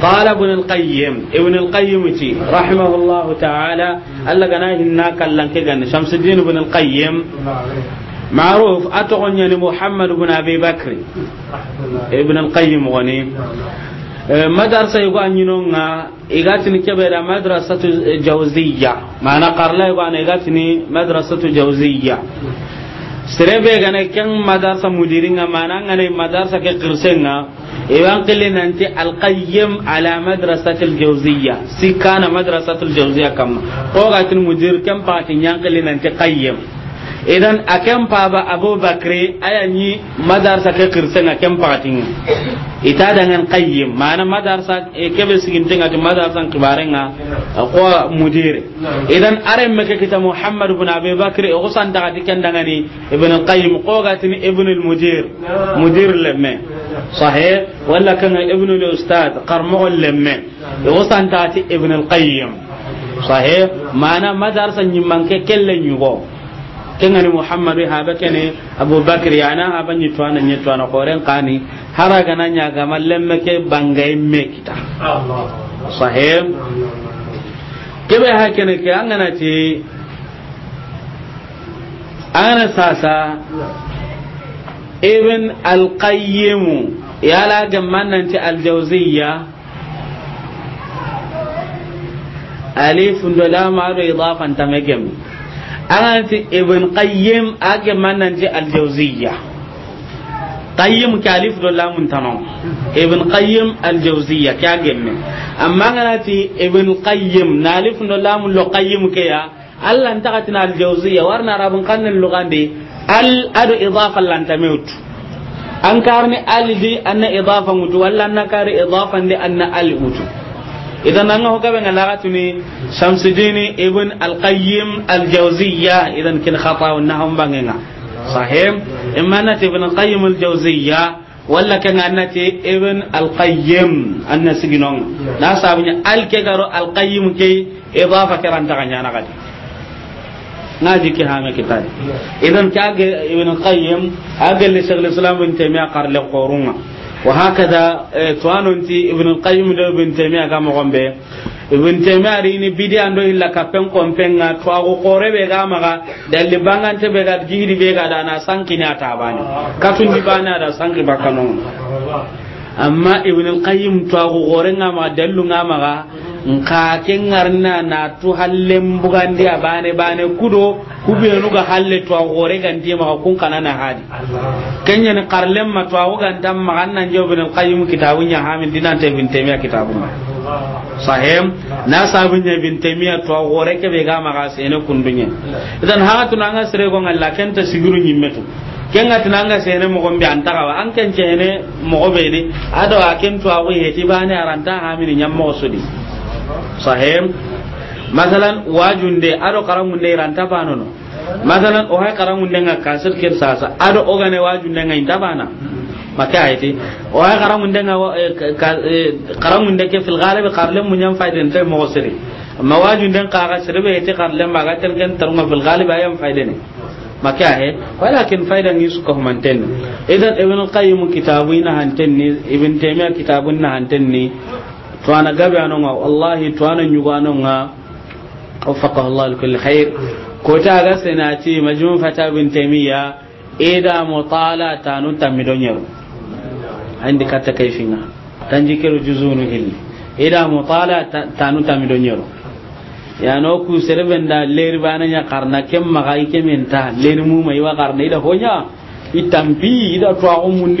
[SPEAKER 1] qala ibn al-qayyim ibn al-qayyim rahimahullahu ta'ala allah gana hinna kallan ke shamsuddin ibn al معروف أتغني محمد بن أبي بكر ابن القيم غني madarsa yugo a ñinonga igatini keɓeɗa madrasatu jawziya mana qarla yugo ana igatini madrasatu jawziya serebe gana ken madarsa mudiringa mana ngana madarsa ke qirsenga iwan qille nanti alqayyim ala madrasati aljawziya sikana madrasati aljawziya kamma ko gatin mudir ken pati nyan qille nanti qayyim idan a akan paba abubakar ayanyi madarsa ke kirsan akan pagatin ita dangan qayyim maana madarsa e, kebe sigin tinga ti madarsa kibarenga ko mudire idan are meke kita muhammad ibn abi bakri o e, san daga dikan dangani ibn qayyim ko gatin ibn al mudir mudir lemme sahih wala kan ibn al ustad qarmo lemme o e, san ta ti ibn al qayyim sahih mana madarsa nyimman ke kelle nyugo kengani muhammadu haba kene abubakar yana haba nyitwana nyitwana koren kani haraga na nyaga mallemme ke bangai me kita sahem kebe ha kene ke angana ti angana sasa ibn al ya la gamman nan ti al-jawziyya alif ndo la ma idafan tamegem ti ibn qayyim ake manan je al qayyim ke alif do lamun tano ibn qayyim al jawziyya ke agemme amma ganati ibn alif lo qayyim ke ya allah ntakatina al jawziyya warna rabun kannan lugande al adu idafa lantamut an di idan an ho gabe ngala gatuni shamsuddin ibn al-qayyim al-jawziyya idan kin khata wa nahum sahim imma nati ibn al-qayyim al-jawziyya walla kan annati ibn al-qayyim na sabunya alke garo al-qayyim ke idafa kiran ta ganya na gadi na ji ki hame kitari idan ka ga وهكذا توانونتي ابن القيم دو ابن تيمية كما غنبه ibn temari ni bidi ando illa kapen kompenga tuwa ago kore be ga maga dalli bangante be ga jihidi be ga dana sanki na tabani katun di bana da sanki bakano amma ibn al qayyim to ago kore nga ma dallu nga maga nka ken na na tu hallen bugandi a bane bane kudo kubenu ga halle to gore ganti ma kun kana na hadi kenya ne karlem ma to awu gantam ma annan jobin qayyim kitabu nya hamin dinan te bin temiya kitabun sahem na sabun ya bin temiya to gore ke be ga ma sene sene kundunya idan ha tun an asre ko ngalla ken ta siguru nyimmetu kenga tinanga sene mogon ne antaka wa an ken cene mogo be ni ado a ken to awu heti bane aranta hamin nyammo sudi sahim masalan wajunde ado karamunde iranta no masalan o hay karamunde nga kasir kir sasa ado ogane de nga tabana maka ayati o hay karamunde nga eh, eh, karamunde ke fil ghalib mun munyam faiden tay mo siri amma de ka ga sirbe ite qarle ma ga tel ken fil ghalib ayam faidene maka he walakin faidan yusu ko manten idan ibn qayyim kitabuna ni ibn taymiya kitabuna ni. to gabi gabe anonga wallahi to ana nyugo anonga waffaqahu Allah li kulli khair ko fata bin taymiya ida mutala tanu tamidonyer andi katta kayfinga tanji kero juzunu hilli ida mutala tanu tamidonyer yano ku serben da leri bana nya karna kem maga ikemen ta leri mu mai wa karna ida honya itampi ida bari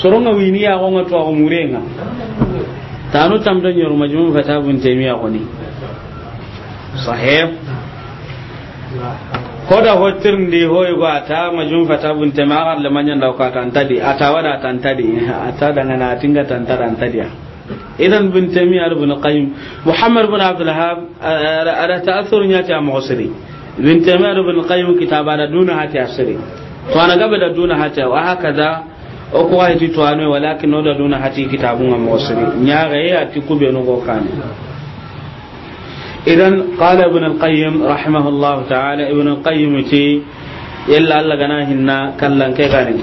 [SPEAKER 1] soronga wini ya gonga ko murenga tanu tamdo nyor koda hotir ndi hoy ata majum fata bun le ata wada ata daga na tinga tantada tantadi idan bin tamiya ibn qayyim muhammad abdul eh, eh, ta'athur nya ta mu'siri bin tamiya ibn qayyim kitaba duna hati asiri
[SPEAKER 2] to da
[SPEAKER 1] duna hati wa hakaza o ko ay ti tuano walakin no hati kitabun am wasri nyaaga ya ti kube no kan idan qala ibn al-qayyim rahimahullahu ta'ala ibn al-qayyim ti yalla alla gana hinna kallan ke gani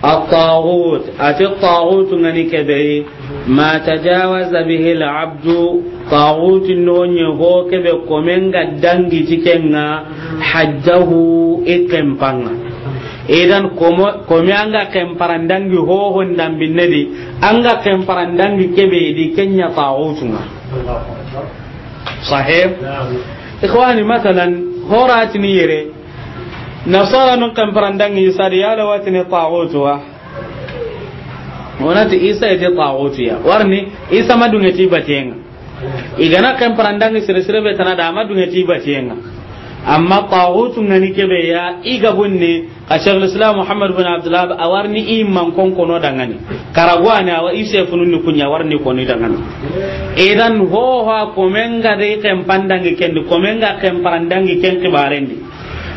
[SPEAKER 1] الطاغوت أتي الطاغوت abdu ما تجاوز به العبد طاغوت نون يهو كبه كومنغا دنجي تكنا
[SPEAKER 2] حجه
[SPEAKER 1] إكمبانا idan komi anga dangi hohon dambinne di anga dangi kebe di kenya tagutunga sahib ikhwani masalan horatini yere nasara nun kemparandangi sadi yala watini tagutuwa wonati isa ite ya? warni isa madungeti batenga igana kemparandangi sire sire be tanada madungeti batenga amma tawutu ngani kebe ya iga bunne ka shaykhul islam muhammad bin abdullah awarni imman kon kono dangani karagwana wa ise fununni kunya warni kono dangani idan ho ho komenga de kempandangi kendi komenga kemparandangi ken barendi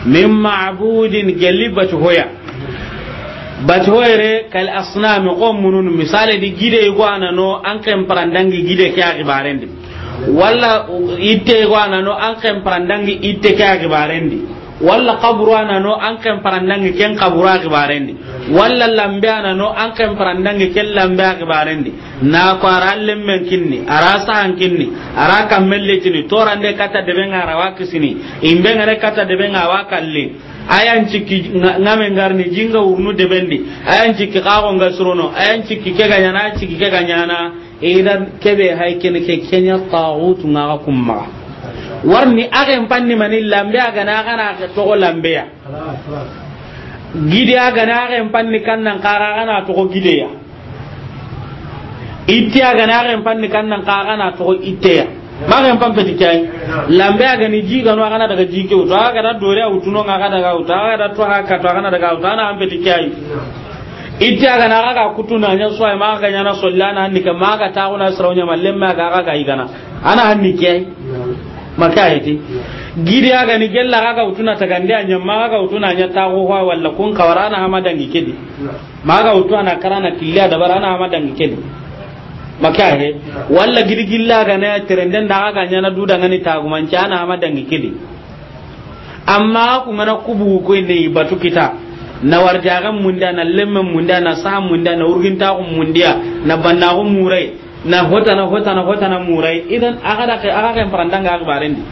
[SPEAKER 1] min ma'budin gelibatu hoya hoyre kal asnam qomunun munun misale di gide igwana no an kemparandangi gide kya kibarendi wala ite ko anano an kan parandangi ite ka gibarendi walla qabru anano an kan parandangi ken qabru gibarendi wala lambe anano an kan parandangi ken lambe gibarendi na ko arallem men kinni arasa han kinni ara kammelle tini torande kata de ben arawa kisini imbe ngare kata de ben awakalli ayan ciki ngame ngarni jinga urnu de bendi ayan ciki kago ngasrono ayan ciki kega nyana ciki kega nyana idan kebe haikini ke kenya tagutu na kumma warni agen panni mani lambe aga na kana to lambe ya gide aga na agen panni kannan kara kana to gide ya itti aga na agen panni kannan kara kana to itte ya magen pam peti kai lambe aga ni ji gano aga na daga jike ke to aga da dore a utuno aga daga uta aga da to haka to aga na daga uta na am peti itiya aga na ga kutuna nya so ai maga nya na solla na hanni ka maga ta kuna srawnya mallem ma ga ga igana ana hanni ke
[SPEAKER 2] maka yiti
[SPEAKER 1] gidiya aga ni gella ga ga utuna ta gande anya ma ga utuna nya ta go wa walla kun kawarana hamadan ikedi ma ga na karana killa da barana hamadan ikedi maka he walla girgilla ga na terenden da ga nya na duda ngani ta gumanci ana hamadan kedi amma ku ngana kubu ko ne batu kita na warjagan munda na lemmen munda na sa munda na urginta ko mundiya na banna ko murai na hota na hota na hota na murai idan aga da aga kan parandanga ga barendi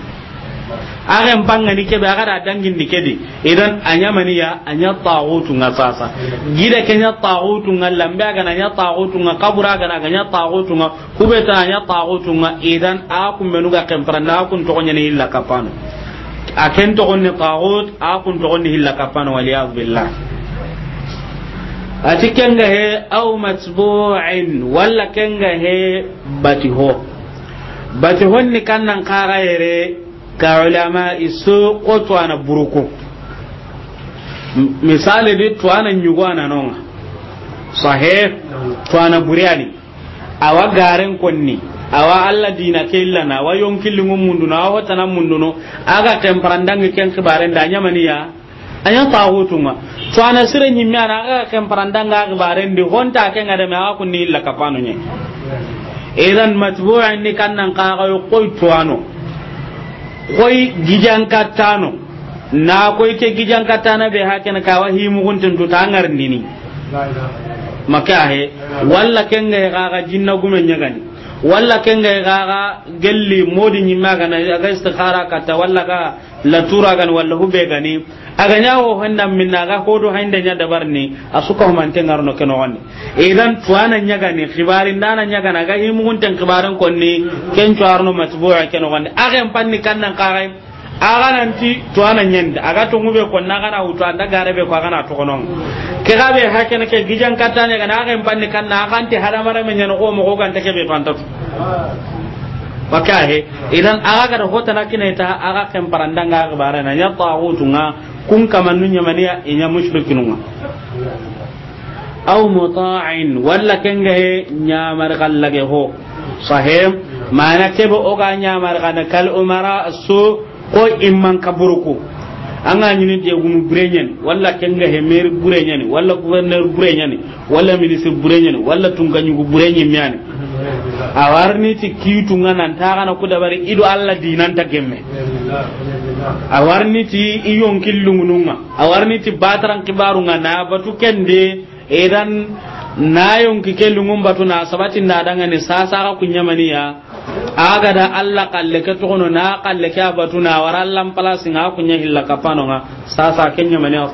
[SPEAKER 1] aga mpanga ni kebe aga da dangin ni kedi idan anya maniya anya taqutu nga sasa gida kenya taqutu nga lambe aga na nya taqutu nga kabura aga na nya taqutu nga kubeta nya taqutu nga idan aku menuga kan parandanga kun to ni illa kapano a ken togonni tagut a kun togonni hilla kafana waliyadu billah ati kenga he aw matbu'in walla kenga he batiho batihon ni kannan kaga yere ka ulama isu ko tuana buruku misali di tuana nyugo ananonga sahe tuana buriani awa garen konni awa alla dina ke na wa yon killingu munduno awa mundu no aga kemparandangi ken kibaren da nyamaniya anya ma. to ana sire nyimme ana aga kemparandanga kibaren di honta ke ngada me aga kunni illa kapano nye idan matbu'an ni kannan kaga yo koy tuano koy gijan katano na koy ke gijan katana be haken kawa himu guntun tutangar nini makahe walla kenga ga jinna gumen nyagani walla kenge gaga gelli modi nyima gana aga istikhara kata walla ga latura gan walla hubbe gani aga nyawo handa minna ga kodo hande nya dabarni asuka ho man tengar no keno wani idan tuana nyaga ni khibarin dana nyaga na ga himu kun khibaran konni ken tuarno matbu'a keno wonni aga empanni kannan qarai nanti to ana nyenda aga to ngube ko na gana uto anda be ko agana to kono ke gabe hakene ke gijan katanya gana aga impanne kan na anti haramara me nyano o mo ko ganta ke be panta to
[SPEAKER 2] maka he idan
[SPEAKER 1] aga gara hota na kina ta aga ga bare na nyata nya tunga kun kama nunya maniya inya mushrikinunga aw muta'in walla kenga he nyamar kallage ho sahem mana kebe oga nyamar kana kal umara su ko in man kaburu ko an ga nyini de gunu burenyen walla kenga he mer burenyen walla gouverneur burenyen walla ministre burenyen walla tunganyu gu burenyen miani awarni ti kitu ngana ntaka na kudabari ido alla dinan ta gemme a awarni ti iyon killungununga awarni ti batran nga na batu kende edan na yonki ke lungun batu na sabati na danga ne sasa ka kunyamani ya aga da Allah kalle ke tokono na kalle ke batu na wara Allah singa nga kunya hilla kapano nga sasa kenya mani ya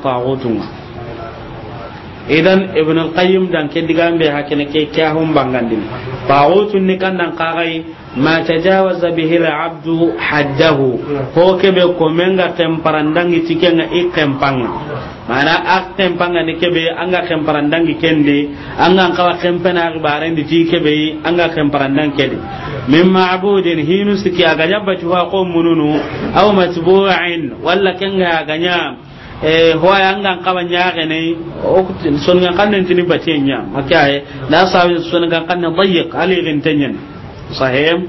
[SPEAKER 1] idan ibn al-qayyim dan ke digambe hakene ke kyahun bangandin tagutun ni kan kagai ma tajawaza bihi al-abdu hajjahu ko kebe ko menga temparandangi tikenga ikempanga mana a tempanga ni kebe anga temparandangi kende anga kawa kempena gbaren di tikebe anga temparandangi kende min abudin hinu siki aga jabatu wa qawmununu aw matbu'in walla kenga aganya eh hoya angan kawa nyaage ne son ngan kanen tini batenya makaye da sawi son ngan kanen dayiq ali gintenyen sahih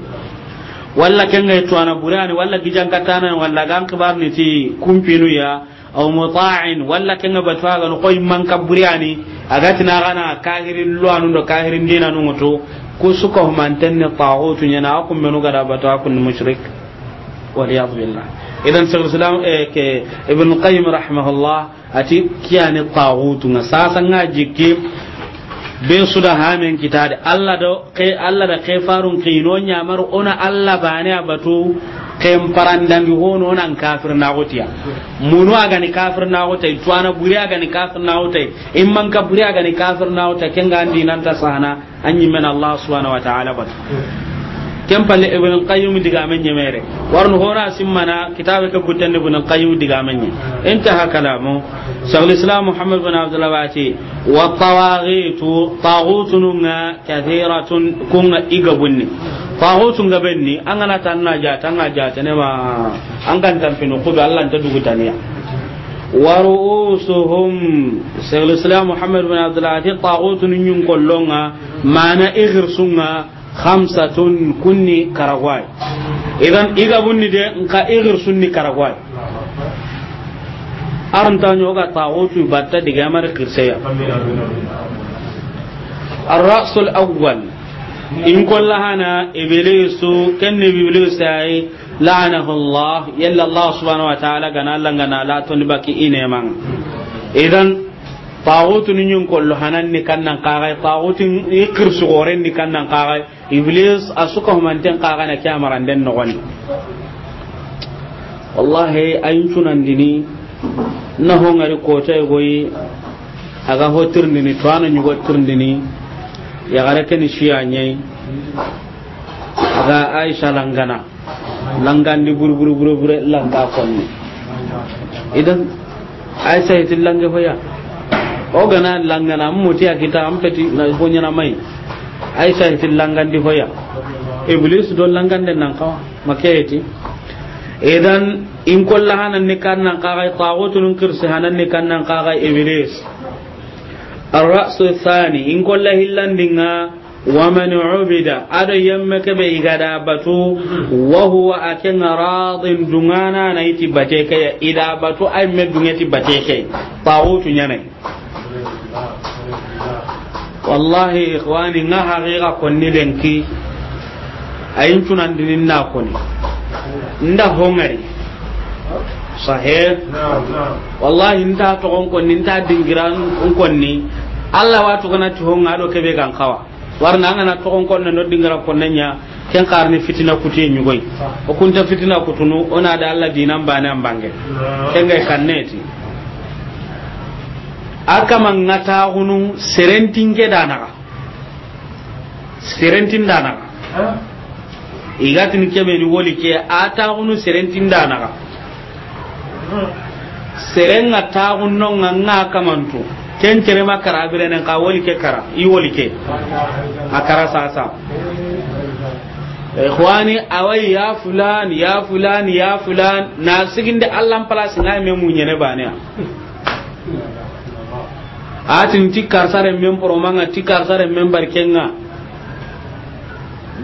[SPEAKER 1] walla kenga to ana burani walla gijan katana walla gan kibar ni ti kumpinu ya aw muta'in walla kenga batwa ga koy man kaburiani agati na gana kahirin luwanu do kahirin dina nu mutu ko suka humantanne ta'utu na akum menu gada batwa kun mushrik wal yaz billah idan shaykh islam eh, ke ibn qayyim rahimahullah ati kiyani ta'utu na sasa ngaji kim be suda kita da Allah da kai Allah da kai farun kino mar ona ba bane abatu dan parandangi hono nan kafir na gotiya munu aga ni kafir na gotai tuana buri aga ni kafir na in man ka buri aga ni kafir na gotai kenga andi nan ta sana anyi men allah subhanahu wa ta'ala
[SPEAKER 2] batu
[SPEAKER 1] kem palle ibn qayyim diga men nyemere warno hora simmana kitabe ke gutan ibn qayyim diga men enta ha kalamu shaykhul islam muhammad bin abdullah wati wa tawaghitu taghutun kathiratun kunga igabunni taghutun gabenni an tanna ja an ja ne ma an kan tampinu kubi allah ta taniya wa ru'usuhum shaykhul islam muhammad bin abdullah wati taghutun nyun kollonga mana ighirsunga khamsatun kunni karagwai idan iga bunni de nka igir sunni karagwai aranta nyoga tawotu batta diga mar kirseya الرأس الأول إن كل هنا إبليس كن إبليس أي لعنه ni ñun kollo hanan ni kannan kaxay taxutu i kirsuxoren ni kannan kaxay iblis asuka humantin kagana kyamaran den wani wallahi ayin dini na hongari kotai goyi aga ho tirndini tuwano ñugo ya yagare keni shiya nyai aga aisha langana langandi buru langa konni idan aisha hiti langa hoya o gana langana mmuti a kita an peti na hoñana mai aisha ti langan di hoya iblis do langan den nan kawa makayati idan in kullu hanan ni kan nan kaga tawutun kirsi hanan ni kan nan kaga iblis ar-ra's thani in kullu hillan dinga wa man ubida ada yamma ke be igada batu wa huwa akin radin dungana na iti bate kaya ida batu ay me dungeti bate kaya tawutun yanai wallahi ikhwani nga haqiqa konni lenki ayin dinin na koni nda hongari sahe wallahi konni konni allah watu kana ti honga do kebe kan kawa warna no dingira ken fitina kuti nyugoi o kunta fitina kutunu ona da allah dinan ken ga kanneti akama ngata hunu serentin ke danaga serentin danaga igatini kebe ni woli ke ata hunu serentin danaga serenga ta hunno nganga kamantu ken tere makara nan ka woli ke kara i woli ke akara sasa ikhwani awai ya fulan ya fulan ya fulan na sigin da allah pala singa me munyene bane atin ti karsare men poromanga ti karsare men barkenga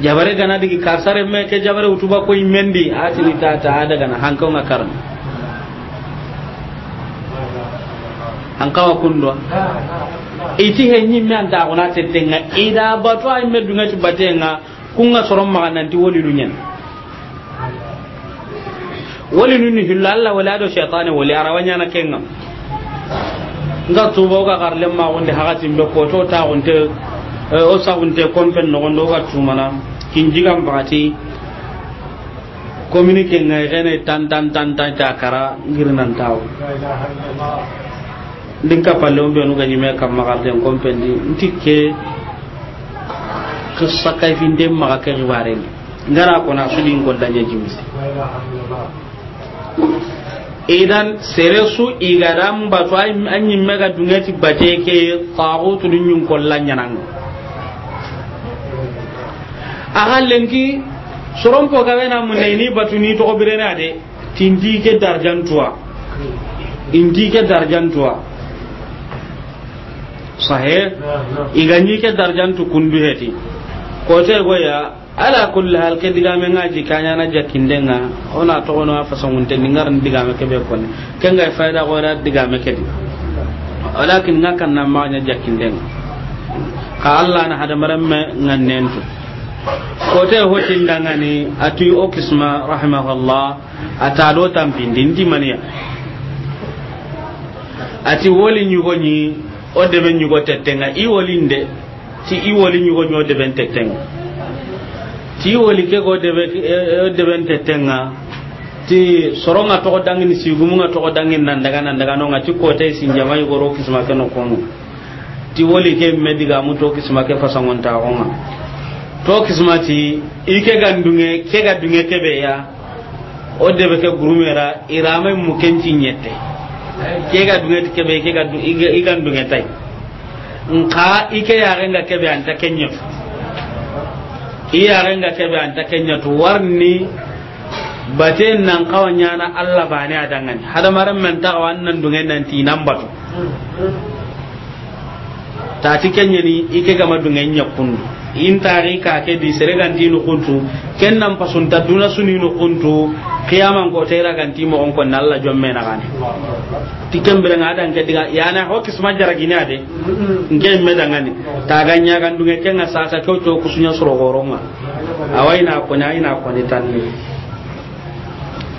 [SPEAKER 1] jabare gana digi karsare me ke jabare utuba ko mendi atin ta ta ada gana hankaw na karn hankawa kundo iti he me anda ona tetenga ida batwa me dunga ci batenga kunga sorom maga nanti woli lunyen woli nuni hilalla wala do shaytan wali arawanya na kengam nga tuba ga garle ma gonde haga timbe ko to ta gonte e, o sa gonte kompen no gondo ga tumana kinjiga mbati communique ngai gene tan tan tan tan ta kara ngirnan taw din ka palle on benu ganyi me kam magar den kompendi ntike kissa kay fin dem maga ke ribare ngara ko na sudin gollanya jimsi idan sere su igadan batu an yi mega dungeti bate ke tagutu dun yin kollan yanan a hallenki soron po gabe na mun ni batu ni to de tindi ke darjantuwa indi ke darjantuwa sahe iganyi ke darjantu kundu heti ko te goya ala kulli hal ke diga men ngaji kanya na denga ona to ona te ningar diga me kebe kon ngai e faida ko da diga me kebe walakin ngakan na jakin denga ka Allah na hada maramme tin danga ni dangani o kisma rahimahullah ata do tampindi ndi maniya ati woli ko nyi o nyu ko tetenga i woli nde ti i woli nyugo nyo ben tetenga ti woli ke go debe eh, eh, debe tetenga ti soronga to dangin sigumunga to dangin nan daga nan daga no ngati ko tay sin jamai go ro kisma ke no kono ti woli ke mediga mu to kisma ke fasangon ta onga to kisma ti ike gandunge ke gadunge ke be ya o debe ke gurumera irame mu kenci nyette ke gadunge ke be ke gadu igandunge tay nka ike ya renga ke be anta kenyefu iyarenga ta anta to warni baten nan kawan na allah ne a maran man ta wannan dunga nan dunge nanti nan batu tati keñeni ike gama dunge kunu. intari ka ke di seregan no kuntu ken pasun ta duna suni no kuntu kiyaman ko tera gan ti mo onko nalla jomme na gane tikem bere ngada nke diga yana ho oh, kisma jara gini ade nke me ngani ta ganya gan dunga ken asaka ko to kusunya soro goronga na ko na ko ni ni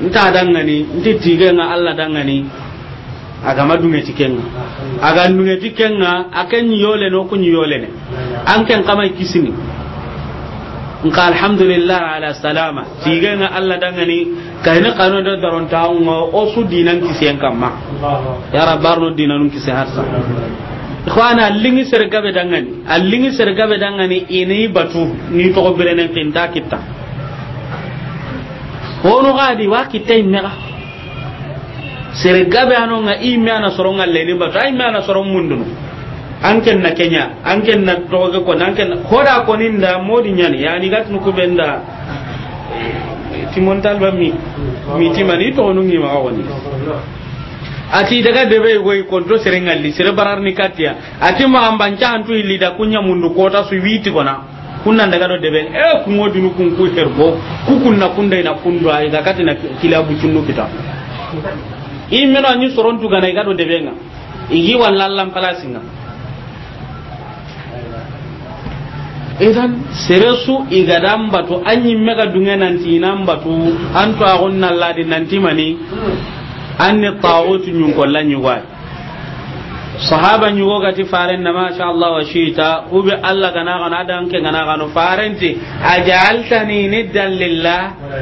[SPEAKER 1] nta dangani nti nga dangani agama dunge tikenga aga dunge tikenga aken yole no kun yole ne an kama ikisini nka alhamdulillah ala salama tigenga alla dangani kayna kanu da daron tawo o su dinan kisen kama ya dinan dinanun kisen harsa ikhwana allingi sergabe dangani allingi sergabe dangani ini batu ni to birenen kinta kita ono gadi wa kitai mera sere gabe anonga imi ana soronga leni bato ta imi ana soron mundunu anken na kenya anken na toge ko anken hoda ko ninda modi nyani yani gat nu kubenda eh, timontal ba mi mi timani to nungi ma woni ati daga debe goy kontro sere ngalli sere barar ni katia ati ma ambanca antu ilida kunya mundu kota su witi kona kunna daga do deben e eh, ku modinu kun ku herbo ku kunna kunda ina kundu ay ga katina kilabu cunnu kita imeno ni soron tuga na igado debenga igi wallallan palasinga idan seresu igadan batu anyi mega dunga nanti nan batu an agonna agon nanti mani an ne tawutu sahaba nyugo gati faren na masha Allah wa shita kube Allah gana ke gana gano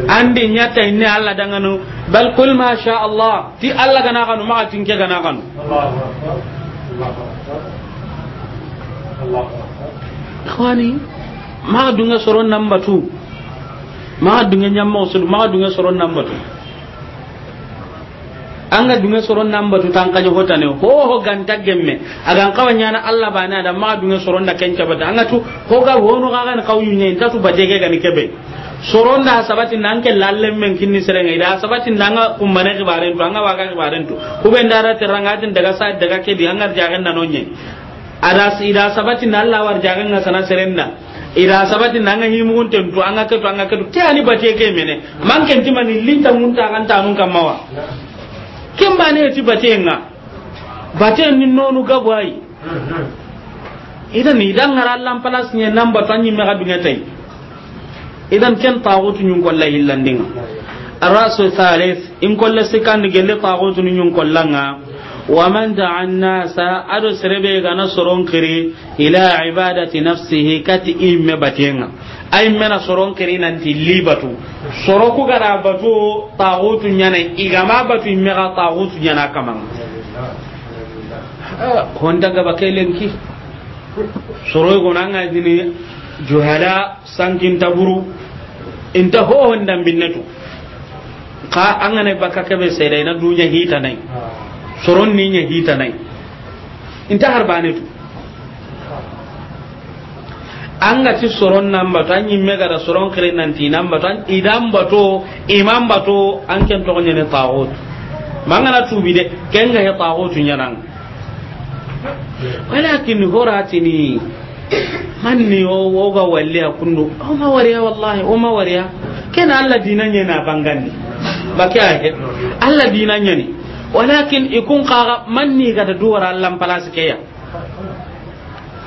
[SPEAKER 1] andi nyata inni Allah bal kul Allah ti Allah gana gano ma tin ke gana gano ikhwani ma dunga soron ma dunga nyamma usul ma dunga soron anga dunga soron nan batu tan hota ne ho ho ganta gemme aga kawanya na Allah bana da ma dunga soron da kenca bata anga tu ko ga wono ga kan kawu ne ta tu bajege ga ni kebe soron da sabati nanke lalle men kinni serenga ida sabati nanga ke bare tu anga waga bare tu ku ben dara teranga tin daga sa daga ke di anga jagan nonye ada ida sabati nalla war jagan na sana serenna ira sabati nanga himu unte ntu anga ketu anga ke ke ani batie ke mene man kenti mani linta ta kan ta tanun kamawa kin ba ne ti nga baten ni nonu gabwai idan idan ngara Allah palas nan tanyi me gabinya tai idan ken tagutu nyun sikan hillandinga gele tawutu إن كل سكان wa man نيون كلنا ومن adu sirbe ga سربي غنا ila ibadati nafsihi kati imme ay mena soron kiri nanti libatu soro ku gara batu tagutu nyana igama batu mega tagutu nyana kamang ah, honda ga bakelen ki soro go nanga dini juhala sankin taburu inta ho honda binnatu ka angane baka kebe sai dai na dunya hita nai ah. soron ni nya hita nai inta harbane anga ti soron nan bato an mega gada soron kire nan ti nan ba an idan to imam to an ken to nyane tagut mangana tubi de ken ga tagutu nyanan walakin horatini ni o woga a akundu o ma wariya wallahi o ma wariya ken alla dinan yana bangandi ke ahe alla dinan ni walakin ikun ni ga da duwara allan palasi ya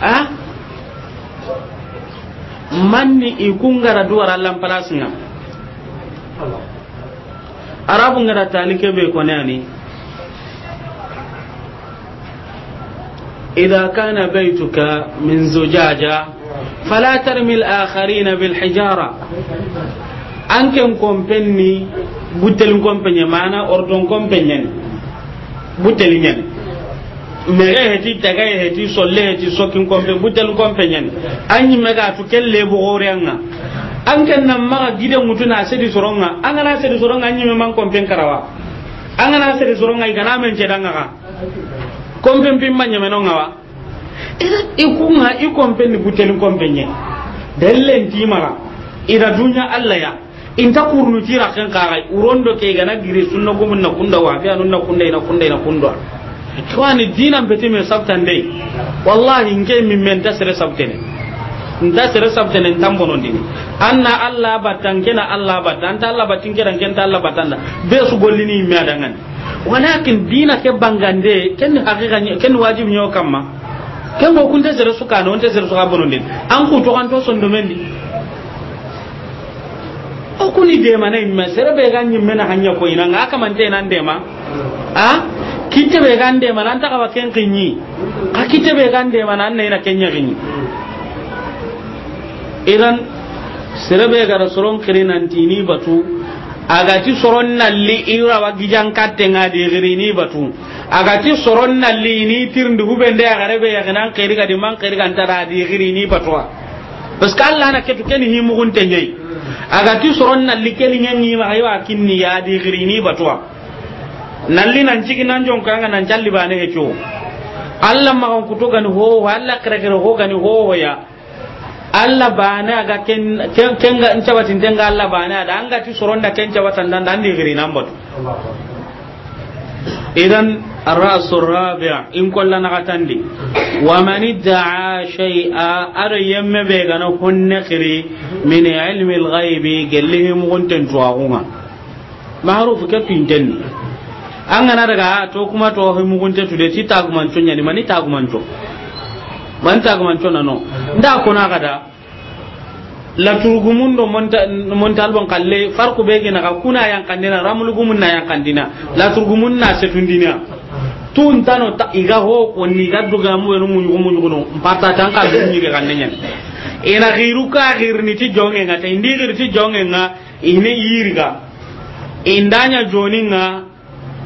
[SPEAKER 1] ah manni ikungara duwara lampalasinga arabu ngara tani kebe kone ani إذا كان بيتك من زجاجة فلا ترمي الآخرين بالحجارة أنكم كومبني بوتل كومبني معنا أردن كومبني بوتل يعني mere heti daga heti solle heti sokin kompe butel kompe nyen anyi mega kelle bo an kan nan ma gide sedi soronga an sedi soronga anyi kompe karawa an sedi soronga men cedanga ka kompe pin ikunga ikompe ni butel kompe nyen dellen timara ida dunya alla ya inta kurnu tira kan kagai urondo ke gana sunna gumun na kunda wa fi anun na kunda ina kunda ina kunda ikhwani dinan beti me sabtan dai wallahi nge min men ta sere sabtene nda sere sabtene tambono dini anna allah batan kena allah batan ta allah batin kera ken ta allah batan da be su ni me adangan walakin dina ke bangande ken hakika ken wajib nyo kamma ken go kunta sere suka no kunta sere suka bono dini an ku to kan to sondo mendi o kuni de mana imme sere be ganyi mena hanya ko ina ngaka man de nan de ma a kite be gande man anta ka ken kinyi ka kite gande man ina kenya kinyi idan nan tini batu agati soron nalli ira wa gijan katte batu soron nalli ni ga ga di parce que Allah na ketu ken himu gunte soron nalli ken ma ya di nalli nan cigi nan jon kanga nan jalli bane hecho alla ma kan kuto gani ho ho alla kare kare ho gani ho ho ya alla bane aga ken ken ken ga in caba tin denga alla bane ada an ga ti soron da ken caba tan dan dan di giri nan bot idan ar-ra's ar-rabi' in kullu na gatandi wa man da'a shay'a ar yamma be gana kunna khiri min ilmi al-ghaibi gallihim kuntan tuwa'una ma'ruf ka tanni an gana daga to kuma to hoy mugunte tude ti tagumanco ñani mani tagumanco mani tagumanco nano nda kona kada monta albon kalle farku be gina ka kuna ramul gumun na yankandina laturgumun na setundina tun tano ta iga ho ko ni ga duga mu wenu mu nyugo mu no mpata tan ka du ni ga nyen ina giru ka ni ti jonge nga indi giru ti jonge nga ine yiriga indanya joni nga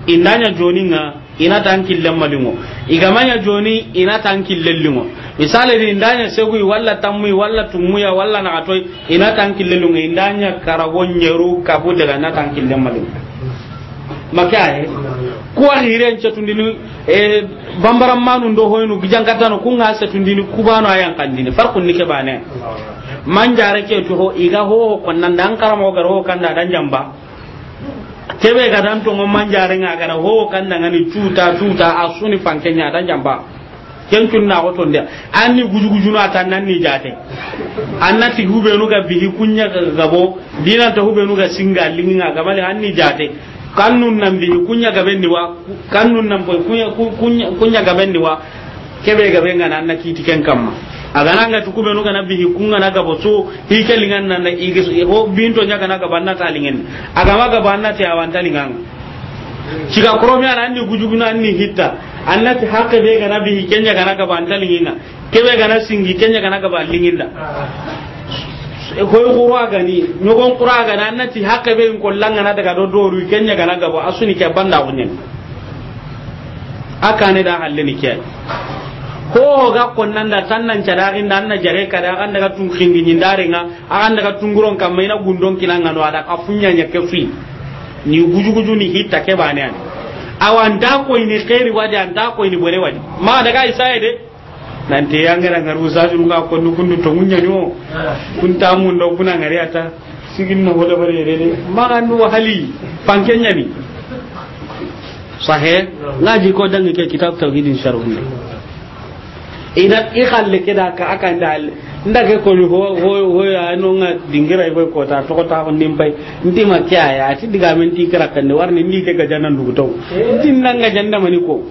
[SPEAKER 1] indanya joni nga ina tan killen malingo igamanya joni ina tan killen lingo misali ni indanya segui walla tamui walla tumuya walla na atoy ina tan killen lingo indanya karagon nyeru kabu daga na tan killen malingo makaye kuwa hiren cetundini e bambaram manu ndo hoyno hoynu gijangatano kunga setundini kubano ayan kandini farkun nike bane manjare ke to ho iga ho konnan dan karamo garo kanda dan jamba kebe ga dan to manjare nga gara ho kan nan ni tuta tuta asuni pankenya dan jamba ken tun na goto ndia anni guju guju na tan nan ni jate annati hube nu ga bihi kunya ga gabo dina ta hube nu ga singa linga bale anni jate kannun nan bihi kunya ga benni wa kannun nan boy kunya kunya ga benni wa kebe ga ga nan na kiti ken kamma agana nga tukube nuga na bihi kunga na gabo so hike lingan na igis ho binto nya kana gaba na talingen aga maga banna ta awanta lingan kika kromi ana andi gujuguna ni hitta annati hakke be kana bihi kenya kana gaba talinginga kebe kana singi kenya kana gaba linginda koy qura gani nyogon qura na annati hakke be ko langa na daga do ru kenya kana gaba asuni ke banda kunyen akane da halle ni ke ho ga konnan da tannan cadarin da anna jare kada akan daga tun khingi nyindare nga akan daga tun guron kam maina gundong kinanga no ada afunya nya ke fi ni guju guju ni hita ke bane an awan da ko ni khairi wadi an da ko ni bore wadi ma daga isaye de nan te yangara ngaru sa jun ga ko nukundu to munya nyo kun ta mun do kuna ngari ata sigin no wala bare re de ma kan no hali pankenya ni sahe ngaji ko dangi ke kitab tauhidin syarhun ina i xalle ke da ka aka da alle ndage koni ho ho ya no nga dingira ibo ko ta to ko ta on nimbai ndi ma kya ya ti diga men ti kra kan ne warni ni ke ga janan du to tin nan ga janda mani ko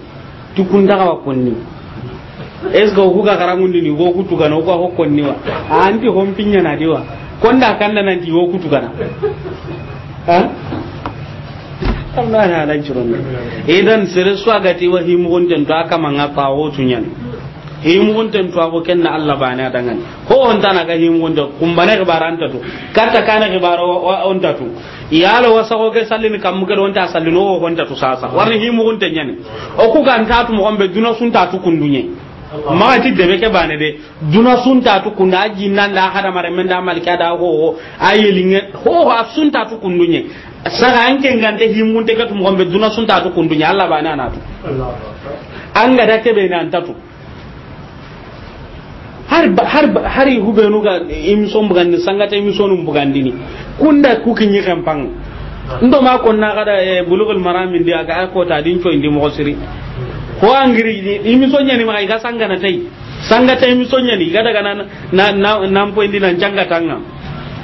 [SPEAKER 1] tu kun da wa konni es go hu ga karamun ni go ku tu ko ho konni wa anti hom pinya na diwa da kan nan ti go ku tu gana ha Allah na halan ciron idan sirri su agati himu gunjan to aka manga tawo tunyan to tuwaku kenna allah bane adangan ho ontanaga himunte kumbane xibara tatu karta kana on xibara ontatu yalo wasagoke sallini kammuke ɗo ta sallini o hontatu sasa warni himugunte ñani o kugantatu moxonɓe duna suntatu ti magati debe ke bane de duna sunta tu kunda a jinnan da hada mare men da malika da ho a yelinge ho a sunta tu kundunye saka an ke ngante himunte katu mo duna sunta tu kundunye Allah bane anatu an Anga da ke be ta tatu har har har hu be nu ga imson bugandi sangata imsonum bugandini kunda kukinyi kampang ndo ma kon na kada e eh, bulugul marami ndi aga ko ta din coy ndi mo siri ko angiri imi sonya ni ma ga sanga na tai sanga tai imi sonya ni gada kana na na nam po ndi nan janga tanga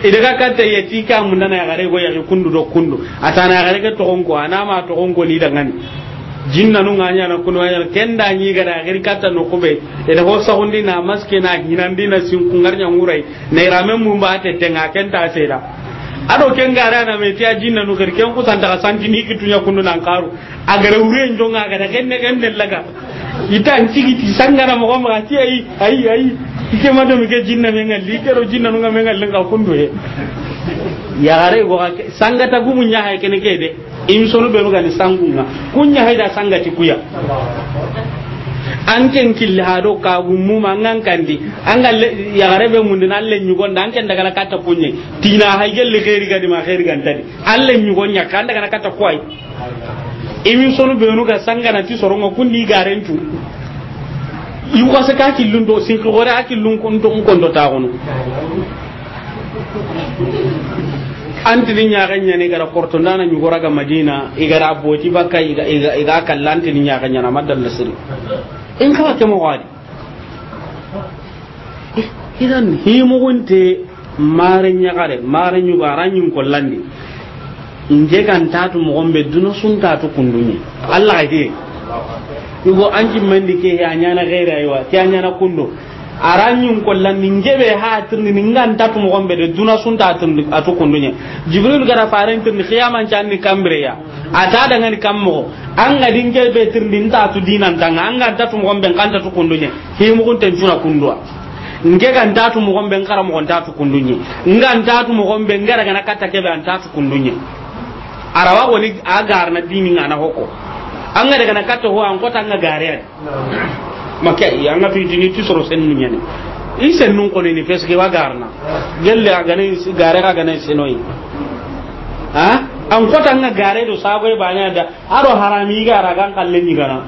[SPEAKER 1] ida ka kata ya tika mun na ya gare go ya kundu do kundu atana ya gare ga to gonko ana ma to ko ni da ngani jinna nu nganya na kuno ya kenda nyi gara gir kata no kube ida ho sa hundi na maske na hinandi na sin kungarnya ngurai na irame mu ba te tenga kenta seda ado ken gara na me tiya jinna nu gir ken kusan daga santi ni kitunya kuno nan karu agara ure njonga gara kenne kenne laga ita ncigi ti sangana mo ko ma ti ai ai ai ike mado mi ke jinna me ngalli ke ro jinna nu ngamengal lenga kundu he yagare go sangata gumu nya hay kene kede in sonu be ga ni sangunga kunya hay da sangati kuya an ken kille ha do ka gumu mangan kandi an ga yagare be mun dinan le nyugo dan ken daga kata kunye tina hay gelle khairi ga di ma khairi gan tadi alle nyugo nya kan daga kata kwai imi sonu be ga sangana ti sorongo kundi garentu iwa se ka killun do sin ko lun kon kun mu kon do ta gonu antini ñaxen ñani gara korto ndana ñugoraga madina igara booti bakka iga kalla antini ñaxen ñana ma dalla siri in kawa ke moxoadi idan himogunte mare ñaxare mare ñuga ara ñinkollandi nje kan tatu mogonɓe duna sun tatu kunduñi allah xake igo an cimmendi ke he a ñana xeere aywa ke yaa nyaana kundo aranyun min jebe ha tirni min tatu tatum gombe de duna sunta tirni atu kundunya jibril gara faran tirni khiyaman channi kambre ya ata da ngani kammo an ga dinge be tirni ta tu dinan tanga an ga tatu gombe kan tatu kundunya hi mu kun tan juna kundua nge ga tatu mo gombe ngara mo tatu kundunya ngan tatu mo gombe ngara kana kata kebe be tatu kundunya arawa woni agar na dini ngana hoko an ga daga nakata ho an kota an gare maka anga tu dini tu soro sen nyane i sen nu ko ni feske wa garna gelle aga ne gare gane ne senoi ha an kota nga gare do sagoy banya da aro harami gara gan kallen ni gara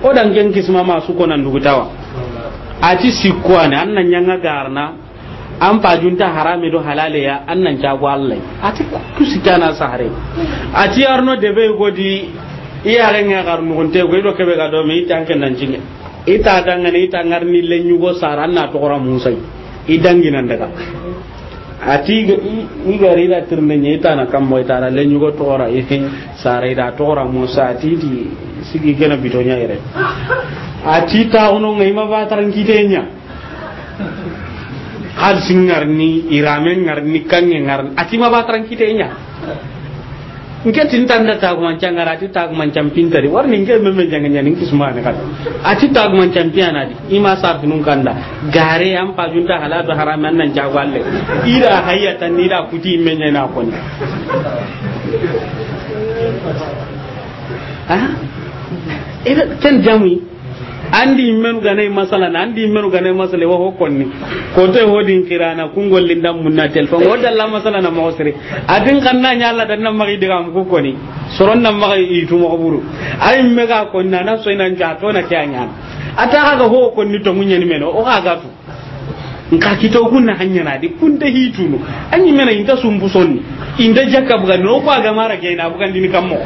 [SPEAKER 1] o dan gen kisma ma su ko nan ko ati sikwane annan nyanga garna an ta harami do halale ya annan jago Allah ati kusi kana sahare ati arno debe godi iya renga garnu gonte go do kebe ga do mi tanken nan jinge ita dangane ita ngarni lenyu go sara na to gora musa idangi nan daga ati i gari da tirne ne ita na kammo ita na lenyu go to gora ihe sara ida to gora musa ati di sigi kena bitonya ire ati ta ono ngai ma ba tarangitenya har singar ni iramen ngar ni kangen ngar ati ma ba tarangitenya nke tin tan da tagu man cangara ti tagu man campin tadi warni nke men men janganya ning kismane kan ati tagu man campian adi ima sarfi nun kanda gare am pa junta halatu haram nan jagwalle ira hayata ni da kuti men na koni ha ah? ira tan jamui andi menu ganai masala na andi menu ganai masala wa hokonni ko to e hodin kirana kungol linda munna telefon wada la masala na mawsiri adin kanna nyalla dan nan magi diga mu koni soron nan magi itu mo buru ay mega konna na na so ina jato na kyanya ata ga ho konni to munya ni meno o ga ga tu nka kito kunna hanya na di kunde hitunu anyi mena inta sumbu sonni inda jakka buga no ko ga mara kaina bugan dini kammo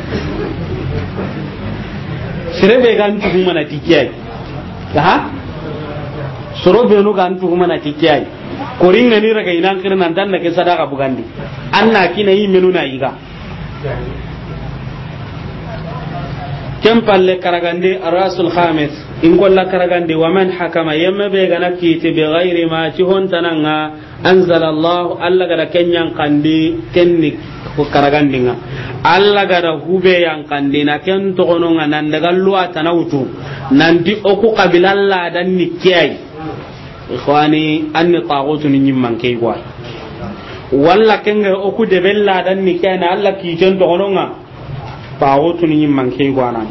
[SPEAKER 1] sirebe ga ntu mana tikiyai ha soro benu ga antu huma na tikiyai korin ngani raga inan nan dan na ke sadaka bugandi anna kina yi menu na iga kem palle karagande arasul khamis in kolla karagande waman hakama yemma be gana kiti be ghairi ma ci tananga anzala allah alla gada kenyan kandi kenni ko karagandinga alla gada hube yang kandi na ken to ononga daga luwa tanawtu nanti oku qabila alla dan nikiyai ikhwani anni taghutun nyimman kay kwa walla kenga oku de bella dan nikiyai na alla ki ken to ononga taghutun nyimman kay kwa nan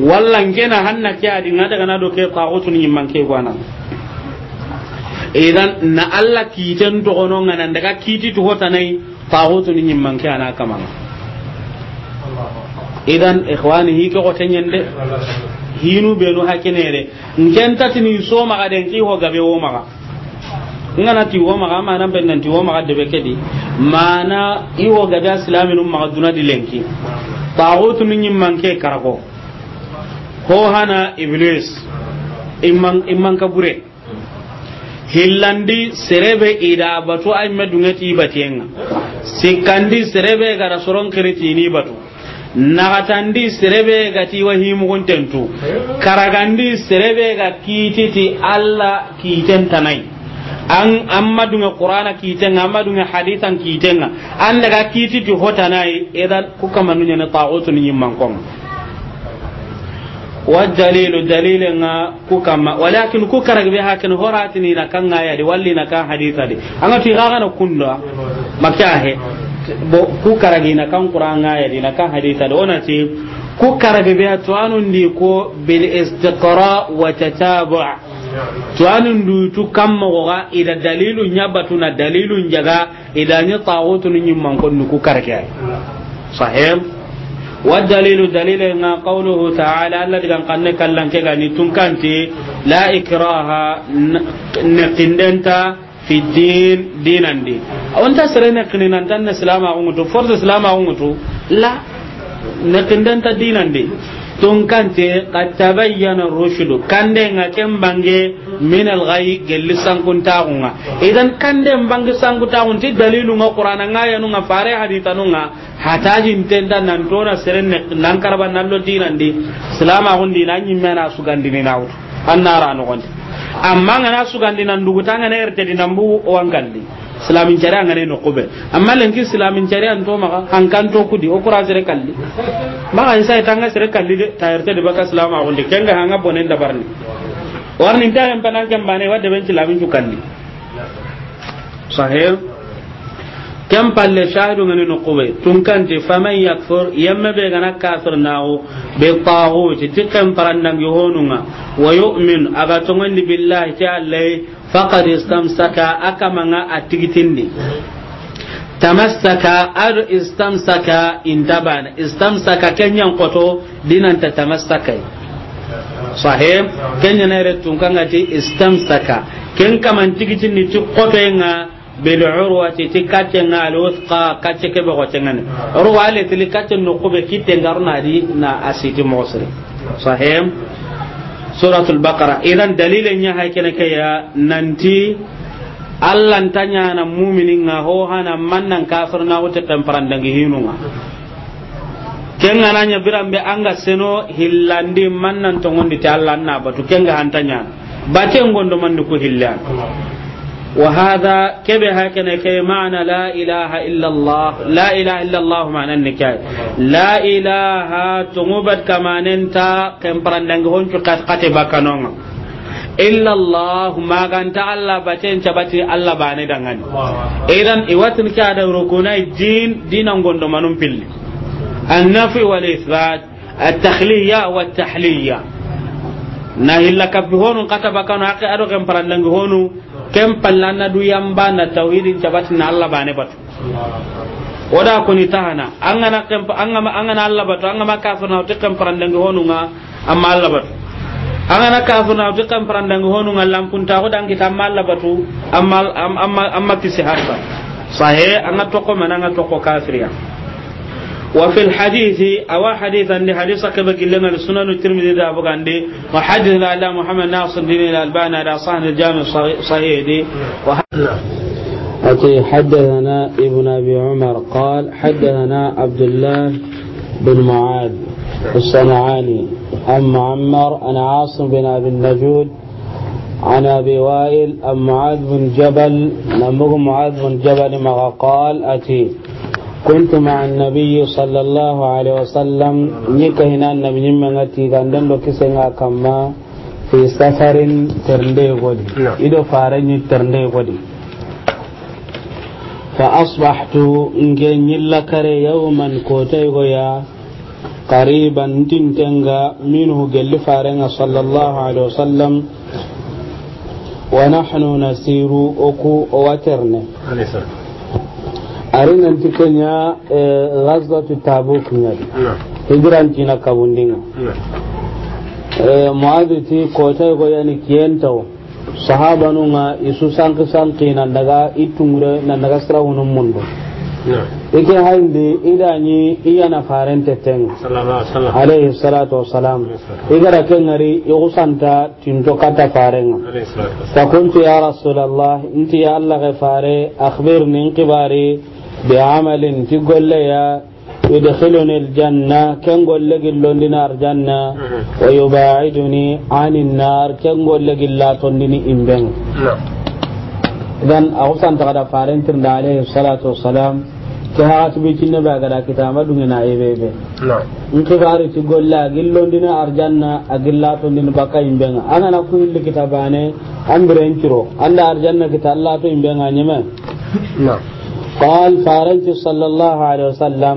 [SPEAKER 1] walla ngena hanna kiyadi ngada kana do ke taghutun nyimman kay kwa nan idan na alla kiten to gono ngana daga kiti to hota nai tahutu ni nyimman ke ana kama idan ikhwani hi ko tanyen de hinu benu hakine de ngenta tini so ma ga den ki ho gabe wo ma ngana ti wo ma ma nan ben ti wo ma de be kedi mana i wo gabe islaminu ma duna di lenki tahutu ni nyimman ke karako ho hana iblis imman imman kabure hillandi serebe ida batu ay medunga ti batenga sikandi serebe gara soron kriti ni batu nagatandi serebe gati wahimu kuntentu karagandi serebe ga kititi alla kitentanai an amma dunga qur'ana kitenga amma dunga hadithan kitenga an daga kititi hotanai idan kuka manunya na ta'utun yimman kong والدليل دليل كما ولكن كوكرك بها كن هوراتني لكن يدي ولي نكا حديثا دي انا في غاغنا كندا مكاه كوكرك نكا قران يدي نكا حديثا دي اونتي كوكرك بها توانون دي كو بالاستقراء وتتابع tuwanin dutu kan mawaga ida dalilun ya batuna dalilun jaga idan ya tsawo tunin yin mankon nuku karke sahib والدليل دليل إن قوله تعالى الذي كان قلنا كلن كغني تنكنتي لا اكراها نقندنتا في الدين دينا دي وانت سرنا قنين انت الإسلام أمتو فرض الإسلام أمتو لا نقندنتا دينا دي tun kante qad tabayyana kande nga ken bange min al ghay gelli sankunta nga idan kande bange sankunta ngun ti dalilu nga qur'ana nga ya nga fare hadita nga hataji intenda nan tona seren nan karban nan lo dinandi salama hun dinanyi mena su gandini nawut annara no gondi amma nga na sugandi nan dugutanga ne erte dinambu wangandi islamin cari an gane no kobe amma lenki islamin cari an to maka hankan to kudi o kura sere kalli maka isa ita nga sere kalli de tayarte de baka islama gonde kenga hanga bonen da barni warni ta yan panan kan bane wadde ben islamin tu kalli sahel kem palle shahidu ngani no kobe tun kante faman yakfur yamma be gana kafir nawo be tawo ti tikkan parandang yohonunga wa yu'min aga tongan billahi ta allah faqad istamsaka akamanga atigitindi tamassaka ado istamsaka intabana istamsaka kenyan koto dinanta tamassakai sahib kenya na yare tun kan ati istamsaka ken kaman tigitin ni ti koto nga bil urwati ti kace nga al wuthqa kace ke bago tengane urwa le ti kace no kube kitengar na di na asiti mosri sahib suratul baqara idan dalilin ya haikene kaya nanti Allah tanya na muminin nga ho hana mannan kafir na wuce tamparan dangi nga ken ga nanya birambe anga seno hillandi mannan tongondi ta Allah na batu ken ga hantanya baten gondo manni ko hillan وهذا كبه هكذا معنى لا إله إلا الله لا إله إلا الله معنى النكاية لا إله تمبت كما ننتا كم برندنغهون قتبا كنونا إلا الله ما كانت الله باتين تباتي الله باني دنغاني إذن إواتن كاد ركونا الدين دين أنغون دمانون بلي النفي والإثبات التخلية والتحلية نهي لك بهون قتبا كانوا حقي أدو كم برندنغهون kem pallanna du yamba na tawhidin cabatina allah bane batu oda koni tahana angana kem angama angana allah batu angama kafirna uti kem honu nga amma allah batu na kafirna uti kem parandangi honunga lampun ta hoda ngita amma allah batu amma amma amma kisi harba sahe anga toko mananga toko kafiriya وفي الحديث أو حديث أن حديث كبك لنا لسنن الترمذي ذا بغاندي وحديث لا محمد ناصر الدين الألباني على صحن الجامع الصحيح دي أتي حدثنا ابن أبي عمر قال حدثنا عبد الله بن معاذ الصنعاني عن معمر عن عاصم بن أبي النجود عن أبي وائل عن معاذ بن جبل لمغ معاذ بن جبل ما قال أتي كنت مع النبي صلى الله عليه وسلم نكهنا النبي من تيغان دندو كسنغا كما في سفر ترندي غدي إدو فارني ترندي غدي فأصبحت نجن لكري يوما كوتي غيا قريبا تنتنغا منه جل فارنا صلى الله عليه وسلم ونحن نسير أكو وترني arinan tikanya eh, ghazwatu tabuk ngari hijran tina kabundinga eh, muadu ti kotai go yani kiyenta sahaba nunga isu sanki sanki nan daga itungure nan daga srawunun mundu ike haindi idanyi iya na faren teten alaihi salatu wassalam igara kengari igusanta tinto kata faren ta kuntu ya rasulallah inti ya allah ga fare akhbirni in kibari بعمل تقول لي يدخلني الجنة كان قول لك اللون نار جنة ويباعدني عن النار كان قول لك لا تندني إمبن إذن أغسان تغدا فارين ترد عليه الصلاة والسلام كهات بيكنا بأغدا كتابة دوننا إيبيبي إنك فاري تقول لك اللون نار جنة أقل لا تندني بقى إمبن أنا نقول لك كتاباني أمبرين كرو أنا أرجنة كتاب لا تندني إمبن نعم qaal al faa raancis wa alaaha wa alyhi wa salaa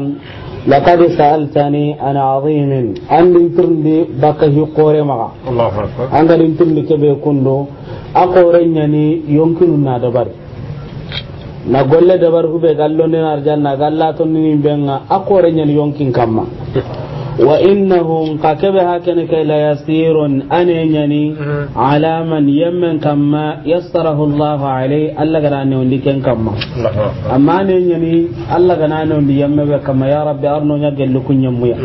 [SPEAKER 2] la qabeeffata
[SPEAKER 1] al ana ariimin anga een turdi bakka hiikkooree maqa. Walaafaa. Anga een turdi KB Kundu a oora inni yoon kilun naa dabar naa gole dabar fuudhee galaan loon di naan janna galaan akka nini meeshaa akka oora inni yoon kii wa innahum ka kebe hakene kai la yasirun ane nyani mm-hmm. ala man yamman kamma yassarahu Allah alai Allah gana ne undi ken kamma amma ne nyani Allah gana ne undi yamma be kamma ya rabbi arno nya gelu kunyam muya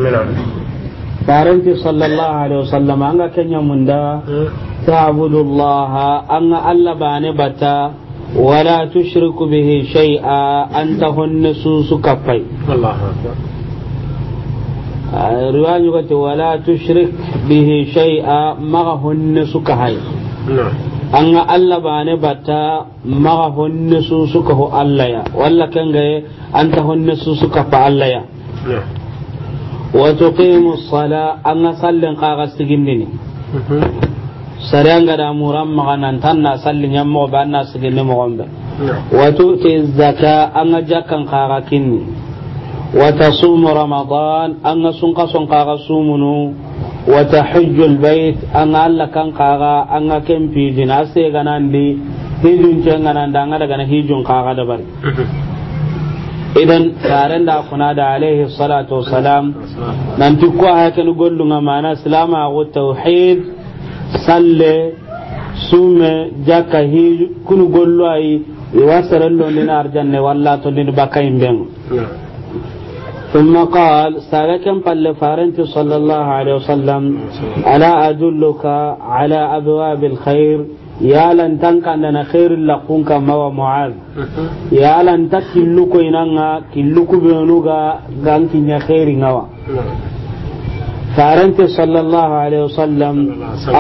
[SPEAKER 1] faranti sallallahu alaihi wasallam anga kenya munda mm-hmm. ta'budu Allah anga Allah bane bata wala tushriku bihi shay'a anta hunnusu su kafai Allahu akbar riwayu ga ta wala tushrik bihi shay'a maga honne suka hay an ga Allah ba ne bata maga honne su suka ho Allah ya walla kan ga an ta honne su suka fa Allah ya wa tuqimu sala an ga ka ga sigin mhm. ne ne ga da muran maganan tan na sallin yan mo ba na sigin ne mo gombe wa tu'ti zakka an ga jakan jakkan qaga kinni وتصوم رمضان أن سنقا سنقا سومنو وتحج البيت أن ألا كان قاغا أن كم في جناسي غناندي هيجون جنغنا دانا دانا هيجون قاغا دبر idan taren da kuna da alaihi salatu wasalam nan ti ko haka ni gollu ma mana islama tauhid salle sume jaka hi kunu gollu ai wasaran don dinar janne walla to din bakai ben ثم قال سالكم قل فارنت صلى الله عليه وسلم الا ادلك على ابواب الخير يا لن تنك عندنا خير لقونك ما معاذ يا لن تكلك انغا كلك بنوغا غانك يا خير نوا فارنت صلى الله عليه وسلم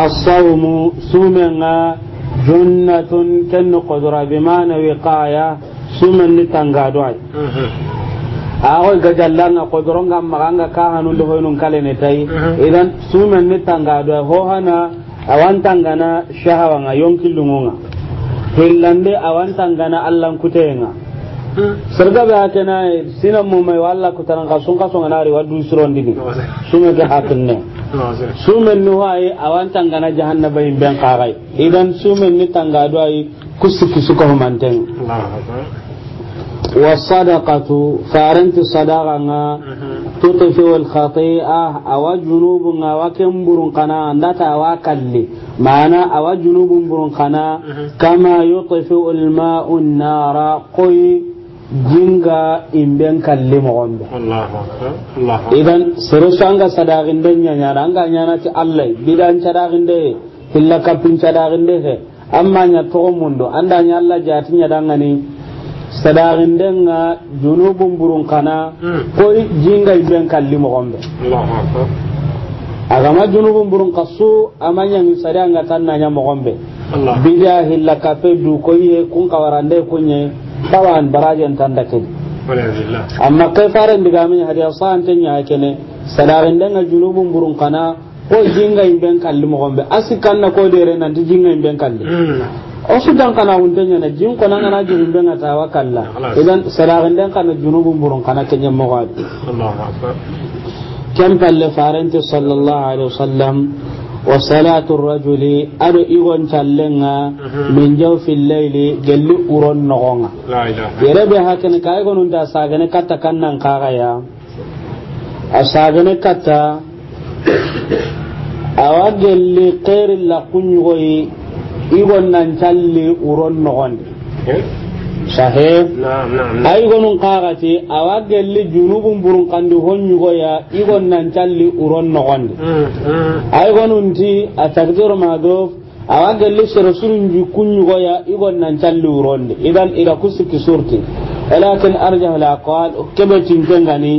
[SPEAKER 1] الصوم سومنا جنة كن قدرة بمعنى وقاية سومن لتنغادوي agoy ga jallanga ko doronga maganga ka hanun do hoynun kale ne tai idan sumen ne tanga do ho hana awan tangana shahawa nga yonkilungunga hillande awan tangana allan kutenga hmm. sarga ta na sina mu mai walla tan ka sun ka songa wa wadu suron dini sume ne su sumen ni wai awan tangana jahannaba ben qarai idan sumen ni tanga do ai kusu kusu ko manten والصدقة فارنت صدقة تطفئ الخطيئة أو جنوب وكم برنقنا نتا وكلي معنى أو جنوب برنقنا كما يطفئ الماء النار قي jinga imben kalli mogonɓe
[SPEAKER 2] idan sereso
[SPEAKER 1] anga sadaxinde ñañana anga ñanati allah bidan cadaxinde ye hilla kappin cadaxinde he amma ña toxo mundo anda ña allah jati ñadangani denga junubun burun kana hmm. ko jingai ben kalli gombe agama junubun burun kasu ni sadanga tannanya mogonɓe bidia hilla kafe du ye kun kawarande kunye tawan barajen tanda ke amma kai fara diga min hadiya tan ya kene denga junubun burun kana ko jingai ben kalli mogonɓe asikanna ko dere nanti jingai ben kalli hmm. osu sudan kana wunde nyana jin ko nan kana jin be ngata wa kalla idan saragin den kana junubu burun kana kenya mawad Allahu akbar kam palle farante sallallahu alaihi wasallam wa salatu rajuli ado igon tallenga mhm. min fil layli gelli uron nogonga
[SPEAKER 2] la yere
[SPEAKER 1] be hakene kay gonu da sagane katta kannan kaga ya sagane katta awa gelli qairin la kunyoyi igon nan calli uron nogondi
[SPEAKER 2] eh? sahe a
[SPEAKER 1] igonun kakati awa gelli junubun burun kandi honyugoya igon nan calli uron nogondi hmm, hmm. a igonunti a takdir madof awa gelli seresurun jikunyugoya igon nan calli urondi idan ida kusiki surti ولكن أرجح الأقوال كما تنكنغني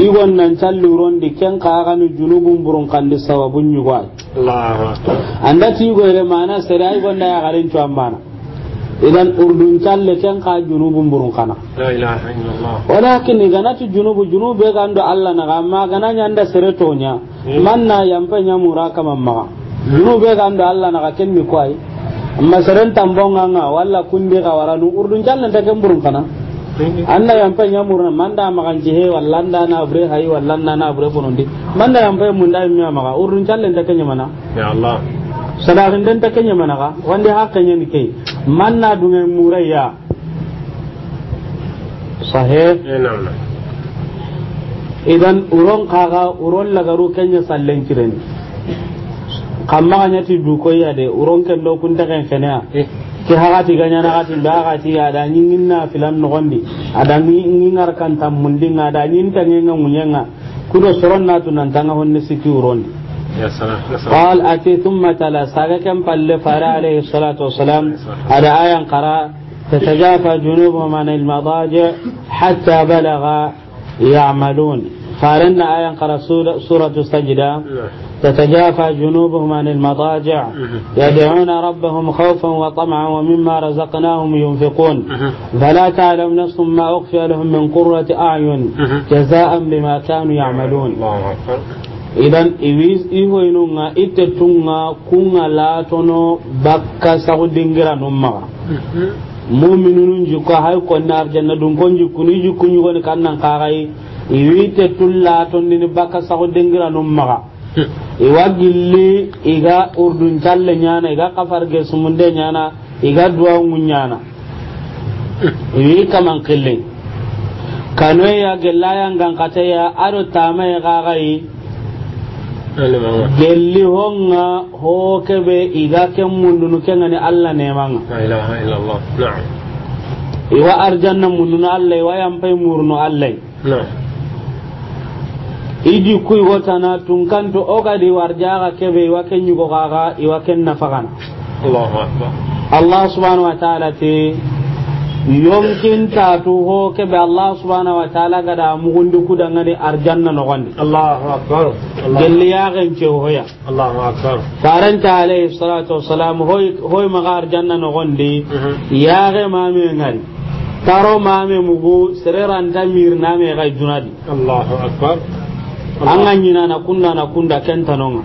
[SPEAKER 1] إيغون نانتال دي كان قاغانو جنوب برون قاندي سوابون يغوال
[SPEAKER 2] anda
[SPEAKER 1] tigoyre mana sere ay gonda yagarin cuambana idan urdun calle ken ka junubu mburun kana walakin iganati junubu junube gando allah naga amma gana ñanda sere toña hmm. manna yampe ñamura kaman maga junube gando allah naga ken mi ko ay amma seren tambonganga walla kundi ka waranu urdun calle nta ken mburun kana anda yampa nyamurna manda maganji he wallanda na abre hay wallanda na abre bonondi manda yampa munda mi maga urun challen ta kenya mana ya allah sadarin den ta kenya mana ga wande hakanya ni kai manna dunga muraya sahe idan uron kaga uron lagaru kenya sallen kireni kamma ganyati dukoya de uron kendo kun ta kan fenea ke hagati ganya na gatin da hagati ya da nyingin na filan no gondi ada ngin ngarkan tammundi ngada nyin tangenga munyenga kudo soron na tunan tanga honne siki urondi قال أتي ثم تلا ساقكم فل فرا عليه الصلاة والسلام على آية قرأ تتجافى جنوبهم عن المضاجع حتى بلغ يعملون فارن آية قرأ سورة السجدة تتجافى جنوبهم عن المضاجع يدعون ربهم خوفا وطمعا ومما رزقناهم ينفقون فلا تعلم نفس ما أخفي لهم من قرة أعين جزاء بما كانوا يعملون idan iwis ihoinunga itetunga kunga latono bakka sagu dingira nummaga muminunun jikko hay konni arjanna dun kon jikkuni jikkuñugoni kannan kaxayi iwi tettun latondini bakka sagu dingira nummaga iwa gilli iga urdun challe nyana iga kafar ge sumunde igaa iga duwa nyaana. iwi kaman kille kanwe ya gelaya ngankate ya aro tama ya gagai gelli honga ho kebe iga ken mundunu kengani allah nemanga iwa arjanna mundunu allah yampa yampai murnu allah iji kuy wotana tun kanto ogadi warjaga kebe iwa ken ñugoxaxa iwa ken nafagana allah subhanau wa taala te yonkin taatu hoo kebe allah subhanahu wa ta'ala gada mugundi kudangani arjanna nogondi gelli yagen ce hoya allahu akbar alayhi salatu wassalam hoy hoy maga arjanna nogondi mhm. yage mame ngari taro mame mugu sereranta mirname gai dunadi allahu akbar an na kunna na kunda kenta nonga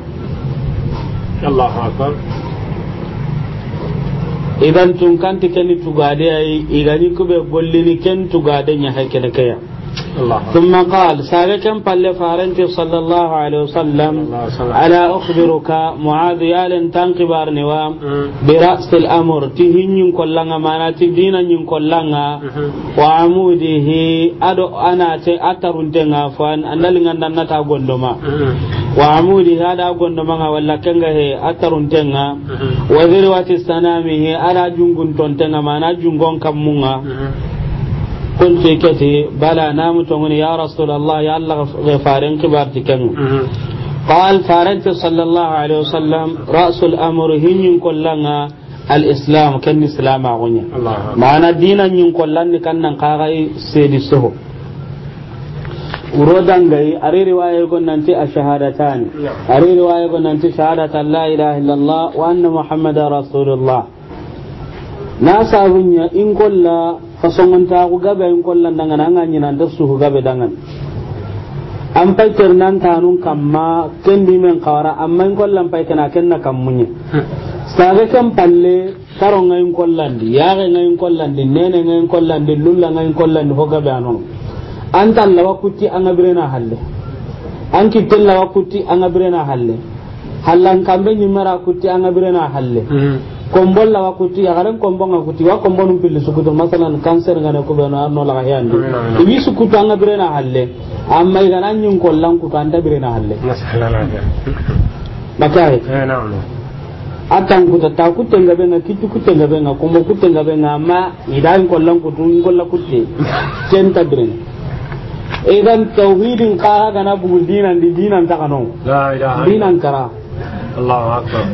[SPEAKER 1] Allah akbar idan tun kanti keni tugade ay igani kube gollini ken tugade nya hakene kaya ثم قال سابقا قال فارنت صلى الله عليه وسلم ألا أخبرك معاذ يال تنقبار نوام برأس الأمر تهين ينقل لنا مانا تدين ينقل لنا وعموده أدو أنا أتر تنغا فان أن لنا نتا قندما وعموده هذا قندما ولا كنغه أتر تنغا وذروة السنامه ألا جنغن تنغا مانا جنغن كمونا kuntu kati bala na mutumuni ya rasulallah ya Allah gafarin kibar tikanu mhm. qal farant sallallahu alaihi wasallam rasul amru hinin kullanga al'islam islam kan islam agunya maana dinan yin kullanni kan nan qagai sedi soho urodan gai are riwaya gon nan ti ashhadatan are riwaya gon nan ti shahadatan la ilaha illallah wa anna muhammadar rasulullah na sabunya in kullanga ta ku gabe in kollan dangan an ganyi nan dasu ku gabe dangan an faitar nan tanun kamma ken di men kawara amma in kollan fai kana ken na kan munye. sage kan palle karo ngayin kollan di yare ngayin kollan di nene ngayin kollan di lulla ngayin kollan di ho gabe anon an tallawa kuti an abirena halle an kitallawa kuti an abirena halle hallan kambe nyimara kuti an abirena halle mm -hmm. kombol la wakuti ya garen kombo nga kuti wa kombo num pilli sukutu masalan cancer nga ne ko be no arno la hayandi ibi sukutu anga bire na halle amma igana nyun kollan kutu an anda bire eh, na halle makai atan kuta ta kutte nga be nga kitu kutte nga be nga kombo kutte nga be nga amma idan kollan kutu ngolla kutte centa bire idan tauhidin kaha kana bugul dinan di dinan takano
[SPEAKER 2] la ilaha dinan kara Allahu akbar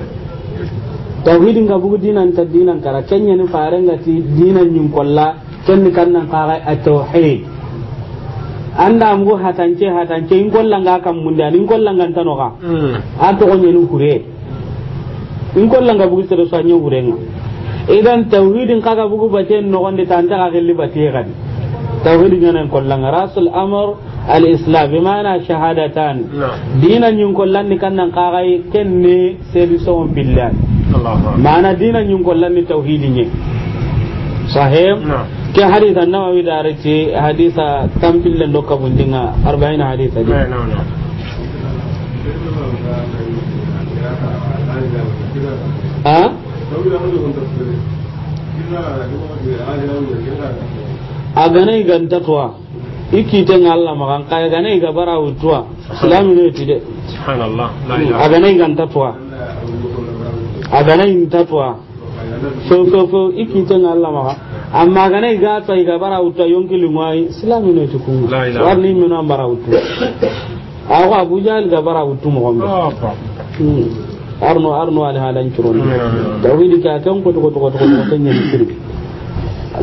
[SPEAKER 1] tauhidin ga bugu dinan ta dinan kara kenya ni faran ga ti dinan nyum kolla ken hmm. ni kannan kaga at tauhid anda mu hatance hatance in kollan ga kan mun da in kollan ga tano ga a to onye ni kure in kollan ga bugu tere so anyo kure nga idan tauhidin kaga bugu ten no gonde tanta ga gelli ti ga tauhidin nan kollan ga rasul amr الإسلام بمعنى شهادتان دينا ينقل لن ken ni كن so بالله mana dina ñin gollanni tawhidi ñe sahib ke hadisa nawawi darati hadisa tampille ndo kabundinga arbaina hadisa di a a ganai gantatuwa ikiten Allah makan kaya ganai ga bara wutuwa islami ne ti de subhanallah a ganai tuwa agana intatwa fo fo fo ikitenga allah maxa amma agana ga twa ga bara wutta islami ne tuku warni meno an bara wuttu axo abuja ga bara mu gombe ah, hmm. arno arno ali halancuroni tawhidi ke a ken ma ñeni sirbi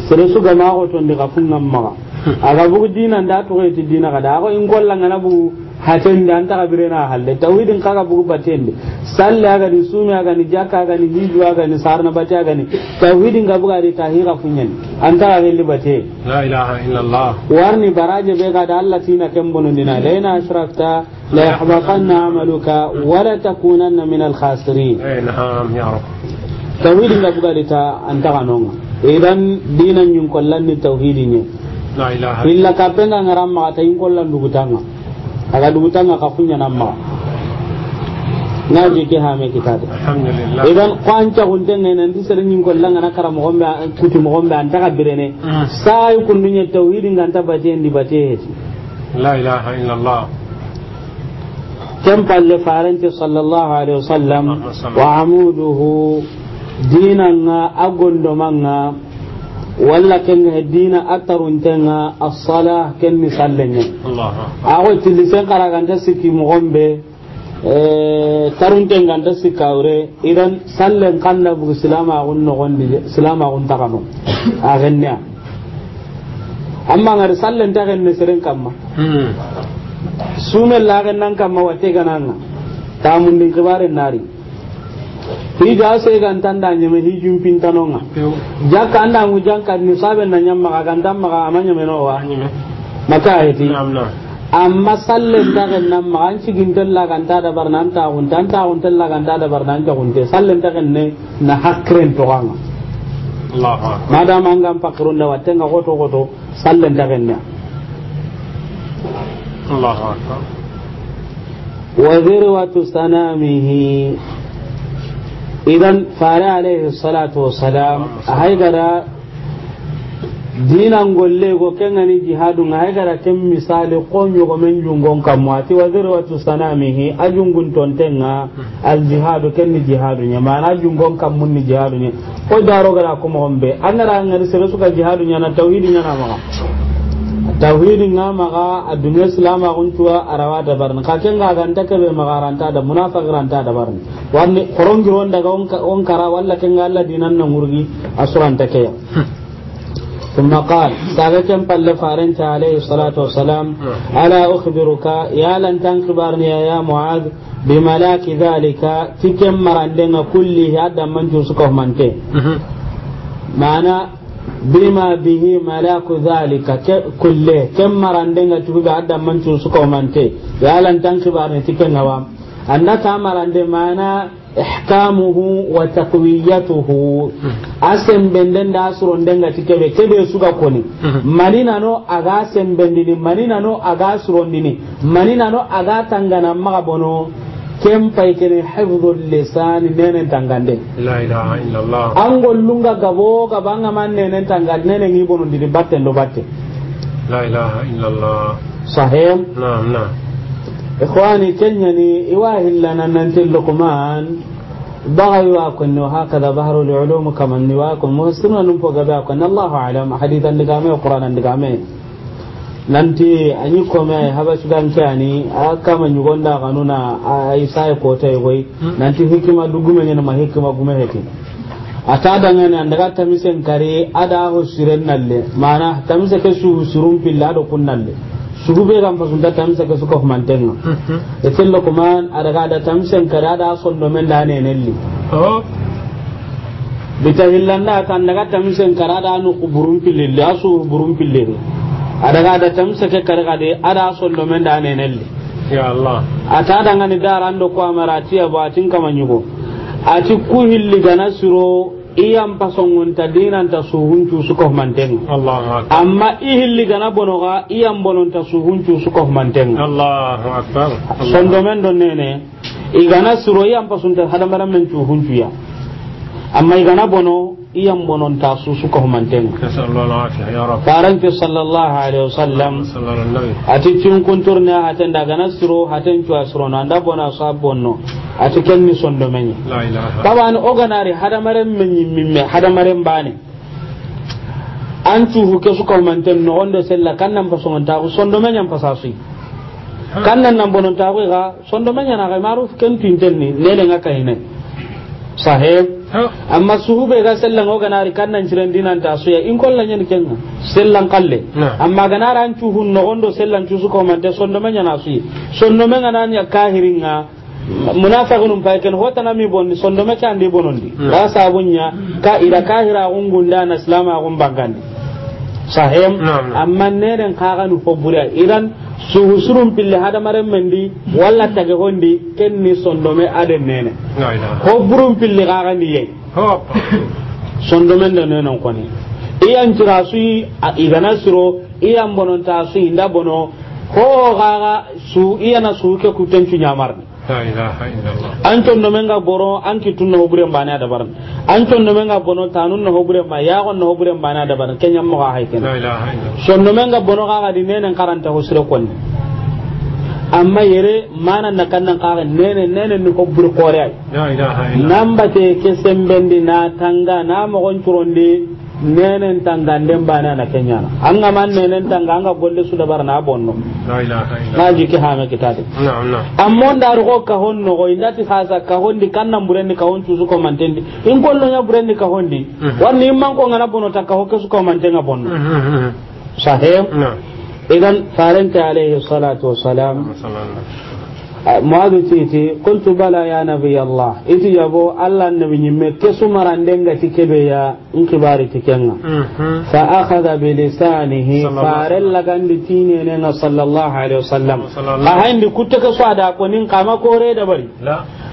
[SPEAKER 1] sere sugamaxotondi xa nan ma aga bugu dinanda tuxoyeti dina da ko in na bu. haten da anta kabire na halle tauhidin kaga bugu baten salla ga ni sumi ga ni jaka ga ni hiju ga ni sarna bata ga ni tauhidin ga buga funyen li bate
[SPEAKER 2] la ilaha illallah
[SPEAKER 1] warni baraje be ga da Allah tina kembono dina laina ashrakta la yahbaqanna amaluka wa la takunanna min al khasirin eh ya rab tauhidin ga buga ta an ga nonga idan dinan yin kollan ni tauhidin ne
[SPEAKER 2] la ilaha illa
[SPEAKER 1] ka penga ngaram ta yin kollan dugutanga aga dugutanga ka Na je ke hame kitade idan kwanca hunde ne nan disere nyin ko langa na kara mo gombe kuti mo gombe anta ka birene mm. sai kundunya tauhid nganta bate ndi bate
[SPEAKER 2] la ilaha illallah
[SPEAKER 1] صلى الله عليه وسلم وعموده ديننا أقول منا walla ken dina atarun tenga as-salah ken ni sallenya awo tilisen karaganta siki mogombe tarun tenga anta sikawre idan sallen kanna bu islama gun no gondi islama gun takano agenya amma ngar sallen ta genne seren kamma sume la nan kamma wate gananga tamundin kibare nari hija segan tanda nyeme hijum pintanonga jaka anda mu janka ni sabe na nyamma ga ganda ma amanya n'o wa maka heti amma sallen daga nam ma an cikin dalla kan ta da barnan ta hun tan ta hun dalla kan ta da barnan ta hun te sallen daga ne na hakren to hanga madama an gan pakrun da wata ga goto goto sallen daga ne Allah akbar wa zirwatu sanamihi idan fare alaihi salatu wassalam haigara dinan golle go jihadun haigara ken misali konyo go men jungon kammo ati sanamihi tontenga al jihadu jihadu nya jungon ni jihadu nya ko daro gara ko anara ngari sere suka jihadu nya na nya na tawhidin nga maga a duniya silama tuwa a rawa da barin ka ga ganta ka be magaranta da ranta da barni wani korongi wanda ga on kara walla kin ga Allah dinan nan wurgi asuranta ke ثم قال سابقا قال فارنت عليه الصلاة والسلام ألا أخبرك يا لن تنخبرني يا معاذ بملاك ذلك kulli عندنا كله هذا من جوسكه منته معنى bima bihi malaku zalika kulle kem marandenga tukuɓe addan mancu sukomante yo alan tan kibarne tikengawa anda ka marande mana ihkamuhu wa taqwiyatuhu hmm. asem benden da suron denga tikebe kebe suga koni hmm. manina no aga sem bendini manina no aga suron dini manina no kem pay kene hifdhul lisan nene tangande
[SPEAKER 2] la ilaha illa allah an
[SPEAKER 1] lunga gabo gabanga man nene tangande nene ngi bonu didi batte ndo batte
[SPEAKER 2] la ilaha illa allah sahem naam naam
[SPEAKER 1] ikhwani kenyani iwahi lana nanti luqman بغي واكن وهكذا بحر العلوم كمن واكن محسن ونفق بأكن allah أعلم hadithan digame qur'an digame nanti anyi kome haba sudan kani manyu gonda kanuna aisaye kota yoy hmm. nanti hikima dugume ne ma hikima gume heke ata ne andaka tamisen kare ada ho siren nalle mana tamise ke su surum pilla do kunnalle sugube gam fasunta tamise ke suka e hmm. etello kuma adaka da tamisen kare ada sonno men dane nelli oh. bitahillanna tan daga tamisen kare ada no kuburum pille asu burun pille adaga da tamsake gade ada sollo men da ne nelli ya allah ata daga ni daran do ko amara ti ba tin A ati ku hilli gana suro iyan pasongon ta dinan ta suhun cu suko manteng allah amma i hilli gana bonoga iyan bonon ta suhun cu suko manteng allah akbar sondo men don nene igana suro iyan pasunta hadamaram men cu huncu ya amma igana bono iyan mononta su suka humanten faran fi sallallahu alaihi wasallam ati cikin kuntur ne hatan daga nasiro hatan cuwa siro na anda bona sabon no ati ken ni sondo menye
[SPEAKER 2] ni
[SPEAKER 1] oganari hadamaren menyi mimme hadamaren bane an cuhu ke suka humanten no onda sella kannan fasongon ta sondo fa sasu kannan nan bonon ta ga sondo menyan na ga maruf ne ne ne ga kai ne. sahib amma suhube ga sallan o ganari kannan jiran dinan ta suya in kollan yen kenga sallan kalle amma ganara an tu hunno ondo sallan cu su ko man te sonno men yana suyi sonno men anan ya kahirin kahiringa munafiqun fa kan hota na mi bonni sonno me kan di bonondi ba sabunya ka ida kahira ungun da na islama gun bangandi sahem amma ne neren kaga nu fobura idan surun pilli hadamaren mendi wala tage hondi ken ni sondome aden nene ko burun pilli ni ye sondome nda nenon koni iyan cira sui igana siro iyan ta sui nda bono ko gaga su iyana su ke kutencu nyamarni
[SPEAKER 2] an
[SPEAKER 1] condo men boro an a dabaran an condo men ga bono tanun ya gon a kenya mo ga bono ga di karanta hosire kon amma yere mana na kannan kare nene nene ni hobbur kore ay namba te ke sembendi na tanga na mo gon nenen tanga den bana na kenya na an ga man nenen tanga an ga golle su da barna bonno
[SPEAKER 2] la ilaha illa ma
[SPEAKER 1] ji ki ha me kitade na'am na ammo ndar ko ka honno ko ti hasa ka hondi kanna burenni ka honchu su ko mantendi in gollo nya burenni ka hondi mm-hmm. warni man ko ngana bono takka hokke su ko mantenga bonno
[SPEAKER 2] mm-hmm.
[SPEAKER 1] sahih na idan faranta alaihi salatu wassalam muadu titi kuntu bala ya nabiy allah iti yabo allah nabi nyimme kesu marandenga tikebe ya nkibari tikenga
[SPEAKER 2] mhm. fa
[SPEAKER 1] akhadha bi lisanihi farel lagandi tine ne na sallallahu alaihi wasallam ahandi ka swada ko nin kama kore da bari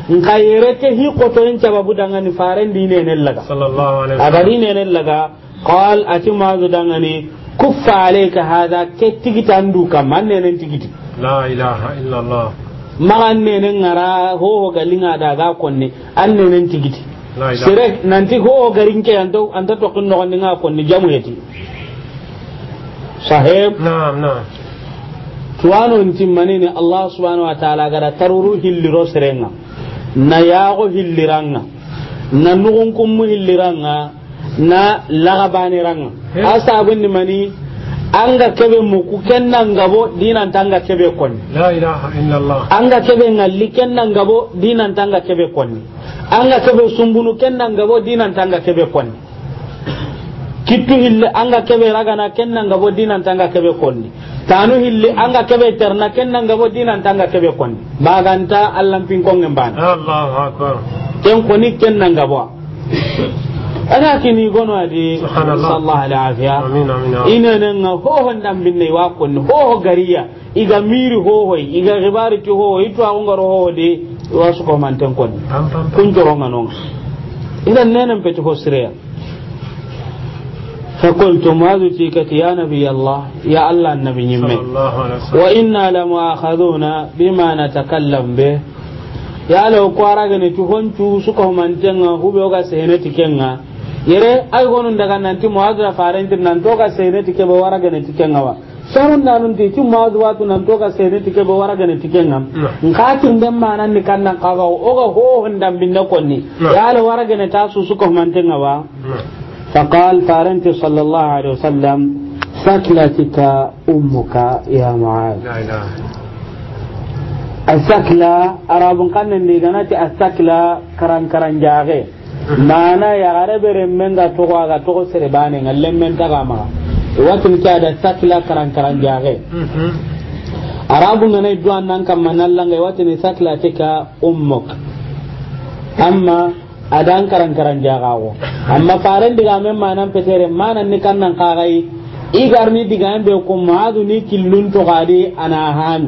[SPEAKER 1] nka yereke hi koto en cababu dangani faren di ne laga
[SPEAKER 2] sallallahu alaihi wasallam adine
[SPEAKER 1] ne laga qal ati muadu dangani kuffa alayka hadha ke tigitandu kam annene tigiti
[SPEAKER 2] la ilaha illa allah
[SPEAKER 1] magan nene ngara ho galinga da ga konne an nene tigiti sere nanti hoho garinke anto anta tokin no nga konne jamu yati sahib naam naam tuwano ntimmanini allah subhanahu wa ta'ala gara taruru hilliro serenga na yago hilliranga na nugun nugunkummu hilliranga na lagabaniranga asabunni mani anga kebe muku kenna ngabo dinan tanga kebe kon la ilaha allah anga kebe ngalli kenna ngabo dinan tanga kebe kon anga kebe sumbunu kenna ngabo dinan tanga kebe kon kittu hille anga kebe ragana kenna ngabo dinan tanga kebe kon tanu hille anga kebe terna kenna ngabo dinan tanga kebe kon maganta allah pin kongen ban allah akbar ken koni kenna ngabo ada kini gono adi sallallahu alaihi
[SPEAKER 2] wa ina
[SPEAKER 1] nan ho ho ndam binne wa kon ho ho gariya iga miri ho ho iga gibari ti ho ito an garo ho de wa su ko man tan kon kun joro manon idan nenan pe ko sire fa qultu madu ti kati ya nabi allah ya allah annabi nimme wa inna la mu'akhaduna bima natakallam be yala kwara gane tu honcu suka humantenga hubo ga sehene tikenga yere ay gonun daga nan ti muadra farenti nan to ga ke tike ba wara gane tikenga wa sarun nanun ti tu muadu watu nan to ga sehene tike ba wara gane tikenga nka tun den manan ni kannan kaga ga ho hondan binna konni yala wara gane su suka humantenga wa فقال faran ti sallallahu alaihi wasallam ثكلتك ummuka ya muad la ilaha asakla arabun kannan ne ganati asakla karan karan jage mana ya gare bere men ga to ga to sere bane ngallen men daga ma watin ta da asakla karan karan jage arabun ne duan nan kam manallan ga watin sakla ka ummuk amma adan karan karan jagawo amma faran diga men manan petere manan ni kannan kagai igar ni diga be ko maadu ni killun to gadi ana han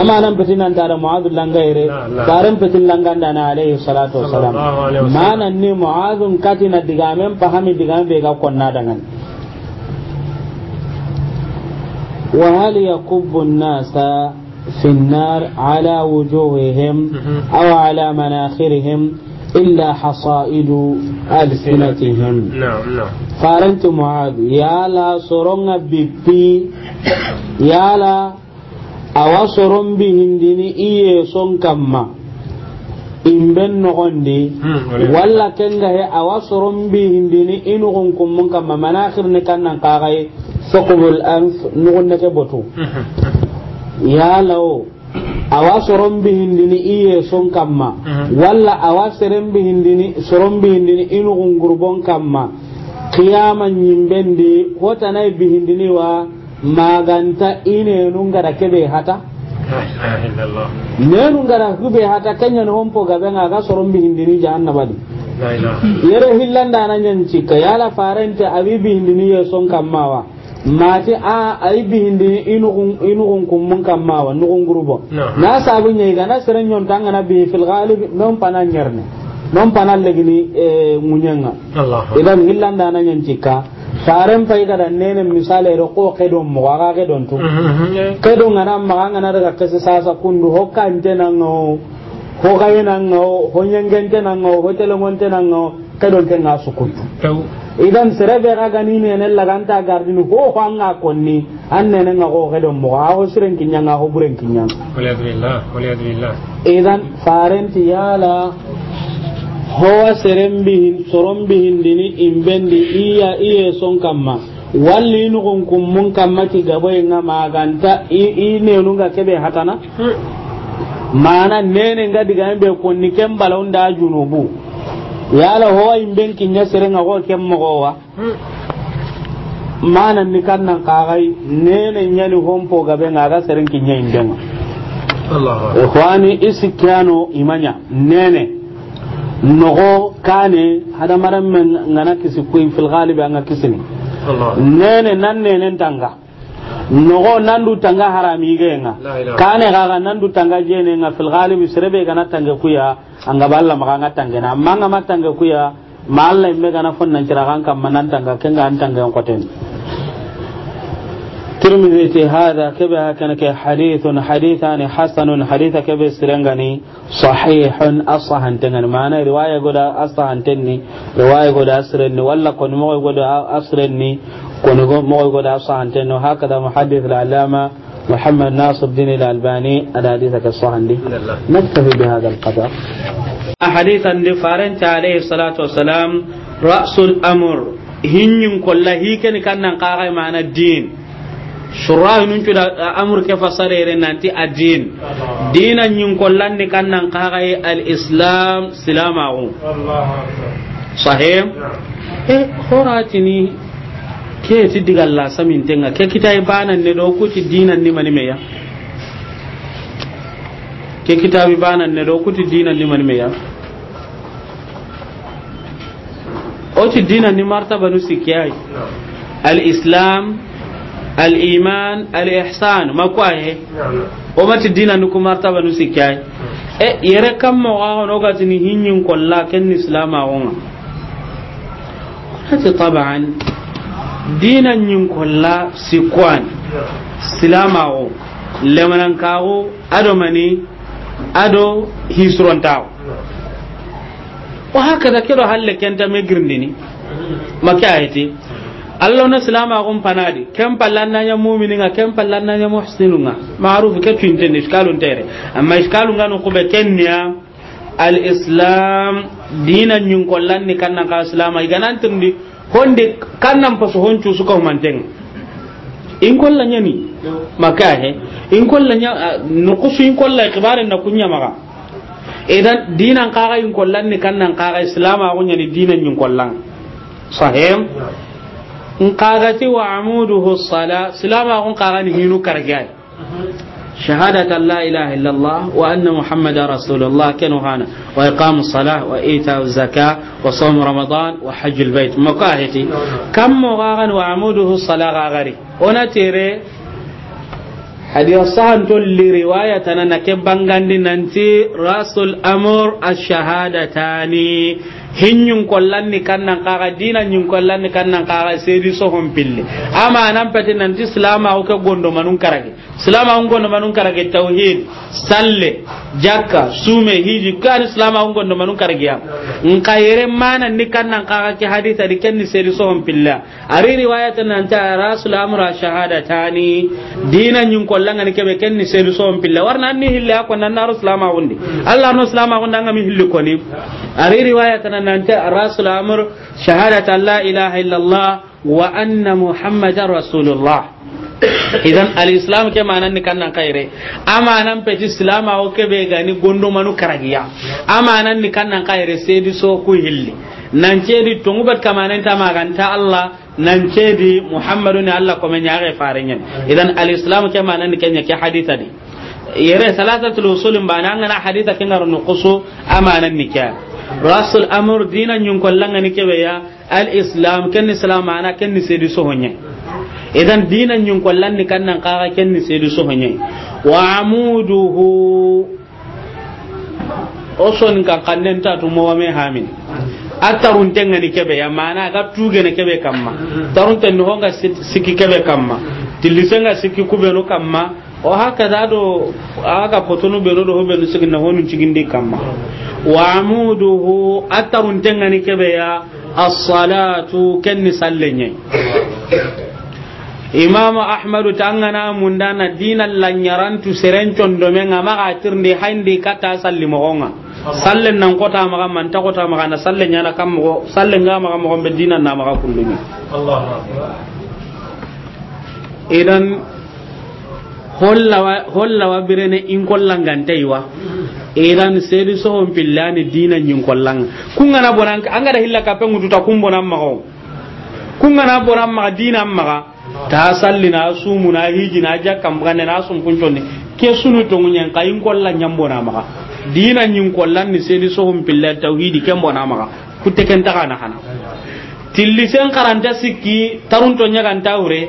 [SPEAKER 1] أما نم بتين عند معاذ لانغا يري كارم بتين لانغا دانا عليه الصلاة والسلام ما نني معاذ كاتي ندعامم بهم ندعام بيجا كوننا دعان وهل يكب الناس في النار على وجوههم أو على مناخرهم إلا حصائد ألسنتهم نعم، نعم. فارنت معاذ يا لا سرنا ببي يا لا awa soron bi hindini iye son kamma in ben nogondi
[SPEAKER 2] hmm, walla
[SPEAKER 1] kenga he awa soron bi hindini inugun kummun kamma manakir ne kannan kagai sokubul anf nugun neke botu hmm. ya lawo awa soron bi hindini iye son kamma hmm. walla awa seren bi hindini soron bi hindini inugun gurbon kamma kiyama nyimbendi kota nai bi hindini wa maganta inenu ngara kebe hata nenu ngara kebe hata kanya no hompo gabe nga ga soron bi hindini jahannaba di yere hillanda na nyan yala farente abibi hindi ni yeson kamawa mati a ay hindi hindini inu inugun kum mun kammawa abu gurubo na sabu nyai ga na seren nyon tangana bi fil ghalib non panan nyerne non panan legini e eh, munyanga idan hillanda na nyan saren pay gada nene misale ro ko kedo mo waga kedo ntu mm-hmm, mm-hmm, kedo ngana ma ngana daga kase sasa kundu hokka ntena ngo ho gaye na ngo ho nyengen tena ngo ho tele ngon tena ngo kedo tena sukutu idan serebe ga gani ne ne ganta gardin ho ho anga konni an ne ne ngo kedo mo ga ho siren kinya nga ho buren kinya
[SPEAKER 2] waliyadillah waliyadillah
[SPEAKER 1] idan saren tiyala howa seren bihin soron bihin dini imbendi iya iye son kamma walli nugun kummun kamma ki gaboye nga maganta i nenu nga kebe hatana mana nene nga diga be konni ken balawun da junubu yala howa imben kinya seren nga ko ken mogowa mana ni kannan kagai nene nyani hompo gabe nga ga seren kinya imbenga
[SPEAKER 2] Allah. Ikhwani
[SPEAKER 1] isikiano imanya nene nogo kane hada maran men ngana kisi kuin fil ghalibi anga kisini nene nan nene tanga nogo nandu tanga harami genga kane gaga nandu tanga jene nga fil ghalibi serebe gana tanga kuya anga balla maka nga tanga na manga matanga kuya ma Allah imbe gana fon nan cira kan manan tanga kenga an tanga on koten tirmidhi ti hada kebe hakana ke hadithun hadithani hasanun haditha kebe sirengani sahihun asahan tengani mana riwaya goda asahan tenni riwaya goda asrenni walla kon mo goda asrenni kon mo goda asahan tenno hakada muhaddith محمد ناصر الدين الألباني الحديث كالصهندي نكتفي بهذا القدر حديثا لفارنت عليه الصلاة والسلام رأس الأمر هن كل هيكن كان نقاغي معنى الدين shurahi nun cuda amurke fasarere nanti adin dina nyin kollan ni kannan kagai al islam silamahu sahih e horatini ke ti diga la samin tenga ke kitai banan ne do ku ti dinan ni mani meya ke kitabi banan ne do ku ti dinan ni mani meya o ti dinan ni martaba nu sikyai al islam al-iman al-ihsan ma
[SPEAKER 2] o
[SPEAKER 1] mati dina nu kumarta nusi sikai e yere kam mo wa no ga tini hinyin kolla ken islama wonga hati taban dina nyin kolla sikwan islama wo lemanan kawo ado mani ado hisron hisrontawo wa haka da kiro halle kenta me girndini maka ayati allah na silama gon panadi kem pallanna nya mu'mininga kem pallanna nya muhsinunga ma'ruf ke tinte ni skalun tere amma skalun ngano ko be kenya al islam dina nyun kollan ni kanna ka islama iganan tindi honde kannan paso honcu suka humantenga in kolla nyani maka he in kolla nya ah, nukusu in kolla ikhbarin na kunya maka idan dinan kaga in kollan ni kannan kaga islama gonya ni dinan nyun kollan sahem nkaagati wa amuduhu sala silama kun kaagani hinu kargai shahadat la ilaha illallah wa anna muhammadan rasulullah kenu hana wa iqam salah wa ita zaka wa sawm ramadan wa hajj albayt makahiti kam mo gagan wa amuduhu sala gagari ona tere hadiya sahan to li riwaya tanana ke bangandi nanti rasul amur ash-shahadatani hinyun kollan ni kannan kaga dina nyun kollan ni kannan kaga sai di so hon pille ama nan nan ti ko gondo manun karage gondo manun karage tauhid salle jakka sume hiji kan islam an gondo manun kargiya in kayere mana ni kannan ka ki haditha di kenni seri sohon pilla ari riwayatan nan ta rasul amra shahada tani dina nyun kollanga ni kebe kenni seri sohon pilla warna ni hilla ko nan na rasul amra wundi allah no islam wunda ngami hilli ko ni ari riwayatan nan ta rasul shahada ta la ilaha illallah wa anna muhammadar rasulullah idan al-islam ke manan ni kannan kaire amanan amaanan islam a ke kebeegani gani gondo manu karagiya amaanan ni kannan kaire sai di soo ku hilli nan ce di tungubat kamanan ta maganta Allah nan ce di muhammadu ne Allah kome ya ga farin yan idan al-islam ke manan ni kenya ke haditha di yere salatatul usul ba nan na haditha kin garu nuqsu amanan ni kya rasul amur dina nyun kollanga ni kebeya al-islam kenni islam mana ken ni sedi so honye idan dinan yun kollan ni kannan kaga ken ni sai so hanye wa amuduhu oson kan kannen ta tumo wa me hamin atarun tenga ni kebe ya mana ka tuge ne kebe kamma tarun ten no honga siki kebe kamma tilisenga siki kube no kamma o haka da do aka potonu be do hobe no sigi na honun cigindi kamma wa amuduhu atarun tenga ni kebe ya as-salatu kenni sallenye imam ahmadu tangana mundana dina lanyarantu serencon domenga maka tirndi haindi kata salli mogonga sallen nan kota maka manta kota maka na sallen nyana kam mo nga maka maga mo dina na maka kundungi allah idan hollawa wa birene in kollangantaiwa iran seri sohon pillani dina nyin kollang kungana bonan angada ga da hilla kapen ngututa kumbonan mago kungana bonan dina maka ta salli na sumu na hiji na jakkam ganne na kun kunchonni ke sunu to nyen kayin kolla nyambo na maka dina nyin kollan ni ni so hum pilla tauhidi kembona maka kutte ken taka na hana tilli sen karanta sikki tarun tarunto nyagan tawre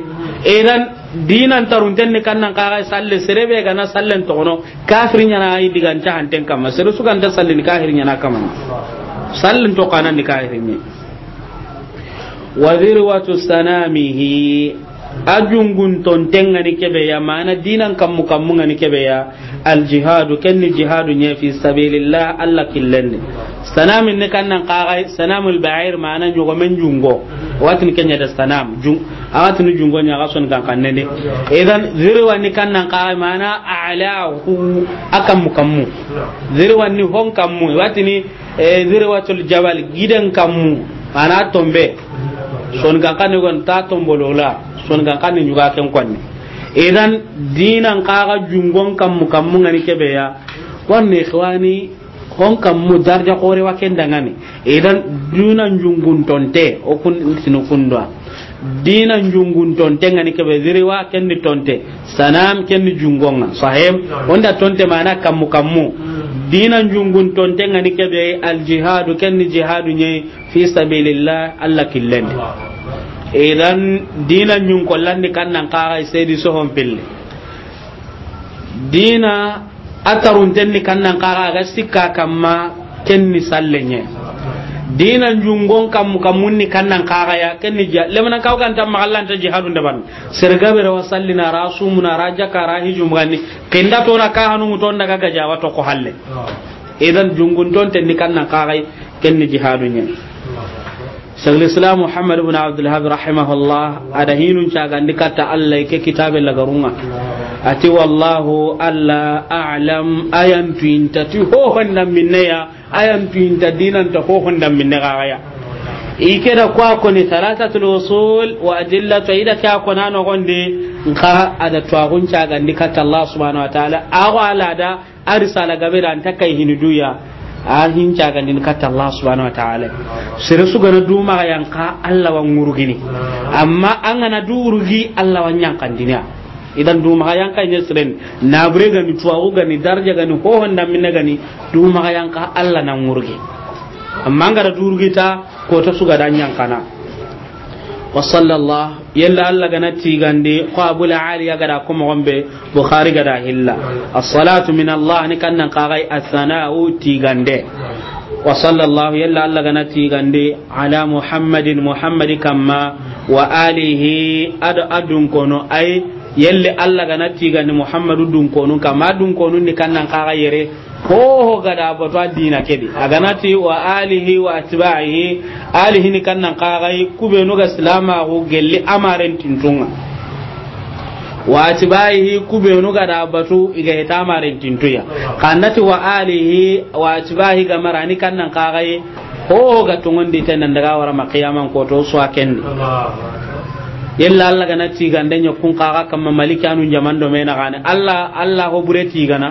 [SPEAKER 1] eran tarun tarunten ne nan ka salle serebe ga na sallen to tono kafirin yana yi digan diganta hanten kama sere su kan ganta sallen kafirin yana kama sallen to kanan ni kafirin ne wa zirwatu sanamihi ajungun tenga ngani kebe ya mana dinan kammu kammu ngani kebe ya al jihadu kenni jihadu nya fi sabilillah alla killanni sanam ne kannan qaga sanam al ba'ir mana nyogo men jungo watin kenya da sanam jung awatin jungo nya gason kan kanne ne idan zirwa ni kannan qaga mana a'lahu akamu kammu zirwa ni hon kammu watini eh, zirwatul jabal gidan kammu mana tombe son kan kan gon ta tombolo la son kan kan nyuga ken kwanni idan dinan kaga jungon kam mu kam mun ngani kebe ya wanne ikhwani hon kam mu darja kore wa ken dangani idan dinan jungun tonte o kun sino kundwa dinan jungun tonte ngani kebe ziriwa kenni tonte sanam kenni jungonga sahem onda tonte mana kammu kammu dinan jungun tonte ngani kebe al jihadu kenni jihadu nye fi sabilillah alla killende idan dinan jungollandi kannan kaga sedi sohon pille dina ataruntenni kannan kaga ga sikka kamma kenni sallenye dinan jungon kam kamunni kannan kaga ya kenni ja lemna kaw kan tam Allah ta jihadun daban serga bere wasallina rasumuna ka rahijum gani kenda to na ka hanu to daga gajawa to ko halle ah. idan jungun ton tenni kannan kaga kenni jihadu ya sagli islam muhammad ibn abdul wahhab rahimahullah ada hinun caga ndikata allah ke kitabe lagarunga ati wallahu alla a'lam ayan tuinta ti ho honna minne ya ayan tuinta dinan ta ho honna minne gaya ike da kwa ko ni salatatul usul wa adillatu ida ka ko nano gonde nka ada twagun caga ndikata allah subhanahu wa ta'ala da arsala gabe da antakai hinuduya a hinca ga din katta Allah subhanahu wa ta'ala sere su gana du ma yan ka Allah wa ngurugini amma an gana du Allah wa nyan kan dinya idan du ma yan ka ne siren na bure ga ni tuwa ga ni darja ga ni ho honda minna ga ni du ma yan ka Allah na ngurugi amma an gana du ta ko ta su ga dan kana wa sall allah yalla an lakanan na ko abula acai ya gada ronbe bo kari gada hilla ɗilla asalatu min allah ni kan na qaakan asana ti gande. wa sallallahu yalla an lakanan na ala muhammadin muhammad kama wa alihi aduunkono a yalla an lakanan na tiga nde muhammadu duunkono kama duunkono ni kan na kakan ko gada bato dina kedi aganati wa alihi wa atba'ihi alihi ni kannan qagai kube no ga islama go gelli amaren tintunga wa atba'ihi kube no ga da bato iga hita amaren tintuya kannati wa alihi wa atba'ihi ga marani kannan qagai ko ga tungon di tanan daga wara makiyaman ko to su akenni yalla allah ga gana tigande ñokkun kaxa kamma maliki anu jaman do mena xane allah allah ho ɓure tigana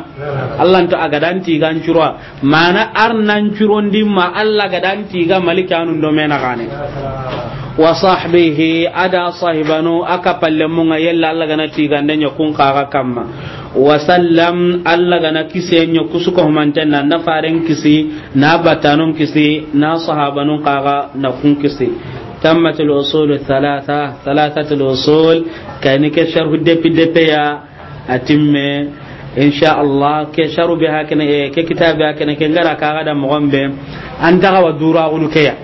[SPEAKER 1] allah to aga agadan tigan curwa mana ar nan dimma allah gadan tiga maliki anu do mena xane wa sahbihi ada sahibanu aka ga yalla allah ga gana tigande ñokkun kaxa kamma wa sallam allah ga gana kise ñokku sukohumantenna na faren kisi na batanun kisi na sahabanun kaxa na kun kisi تمت الأصول الثلاثة ثلاثة الأصول كأني كشر دبي يا أتم إن شاء الله كشر بها كن كنا ككتابها كنا كنجرا مغمب مغمبة أنت ودورا ونكيا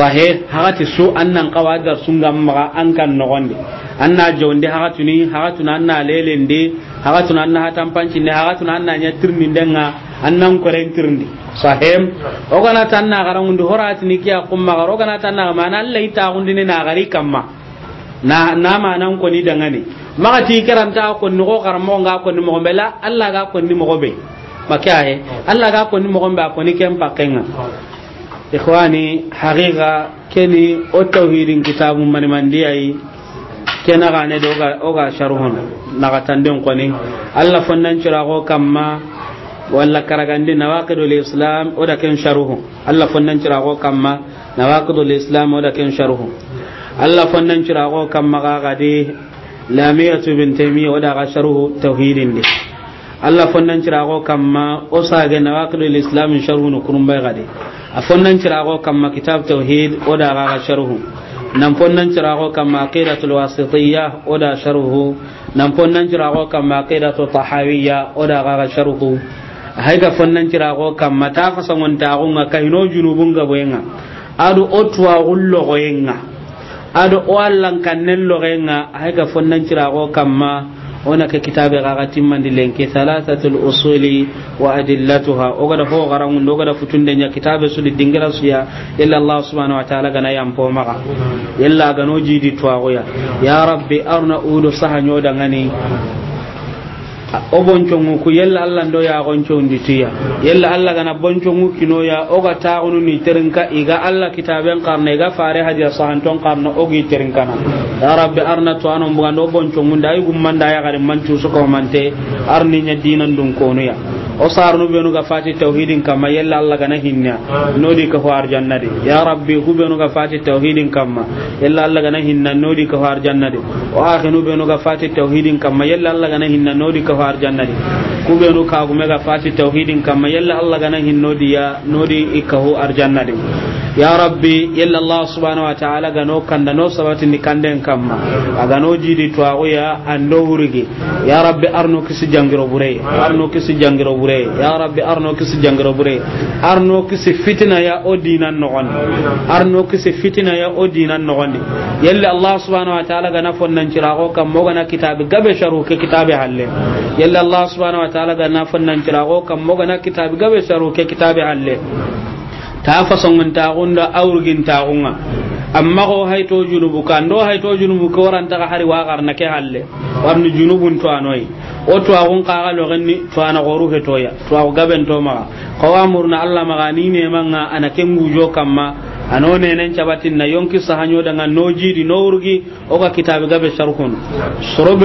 [SPEAKER 1] صحيح هغتي سو أن قواعد سنغم مغا أنك النغندي أن جوندي هغتني هغتنا أن ليلندي haga tun anna hatan panci ne haga tun anna nya tirni denga annan koren tirni sahem o kana tan na garan undu horat ni kiya kumma garo kana tan na mana Allah ita undi ne na gari kamma na na ma nan ko ni denga ne maka ti karanta ko ni ko mo nga ko ni mo bela Allah ga ko ni mo be maka he Allah ga ko ni mo be ko ni kem pakenga ikhwani haqiqa keni o tauhidin kitabum man mandiyi kena gane do ga oga sharhun na gatanden kwani Allah fannan cira go kamma walla karagandi nawaqidul islam o da ken sharhu Allah fannan cira go kamma nawaqidul islam o da ken sharhu Allah fannan cira go kamma ga gadi lamiyatu bin taymiya o da ga sharhu tauhidin de Allah fannan cira go kamma o ga nawaqidul islam sharhu no kurun bai gadi a fannan cira go kamma kitab tauhid o da ga sharhu nan fonnan cirago kama aqidatul wasitiyya oda sharhu nan fonnan cirago kama aqidatul tahawiyya oda gaga sharhu haiga fonnan cirago kama ta fasangon ta gunga kahino junubun gaboyenga adu otwa gullo goyenga adu wallan kannen logenga haiga fonnan cirago kama onaka kitabe gaga timmandi lenke salasatu usuli wa adillatuha ogada fo garamu ndogada futunde nya kitabe suli dingira suya illa allah subhanahu wa ta'ala gana yampo maka illa gano jidi twa ya rabbi arna ulu sahanyo dangani o boncongu ku yella alla ndo yagoncondi tiya yella alla gana kino ya oga taunu ni terinka iga alla kitaben karna iga fare hadiya sahanton karna ogi na ya rabbi arna to anon bugando man nda su gummanda mante arni nya dinan dun konuya o sarnu benu ga fati tauhidin kama yalla alla gana hinna nodi ko har jannati ya rabbi ku benu ga fati tauhidin kama yalla alla gana hinna nodi ko har jannade o akhinu benu ga fati tauhidin kama yalla alla gana hinna nodi ko ko arjanna ku be no kagume mega tauhidin kamma yalla allah gana hin nodi ya nodi ikahu arjanna di ya rabbi yalla allah subhanahu wa ta'ala gano kanda no sabati ni kanden kamma ga no jidi to agoya ando hurigi ya rabbi arno kisi jangiro bure arno kisi jangiro bure ya rabbi arno kisi jangiro bure arno kisi fitina ya odina nogon arno kisi fitina ya odina nogon yalla allah subhanahu wa ta'ala nan fonnan cirago kam mo gana kitabe gabe sharu ke kitabe halle yalla allah subhanahu wa ta'ala gana fonnan cirago kam mo gana kitabe gabe sharu ke kitabe halle ta fasongun ta kunda aurgin ta kunga amma ko haito junubu kan do haito junubu ko ran ta hari wa gar na ke halle wanni junubun to anoi o to agun ka ga lo ganni to ana goru he to ya to agu gaben to ma ko amurna allah magani ne manga ana kengu jo kamma ano nen cabatin na yonki sahanyo daga no jidi no o ga kitabe gabe sharhun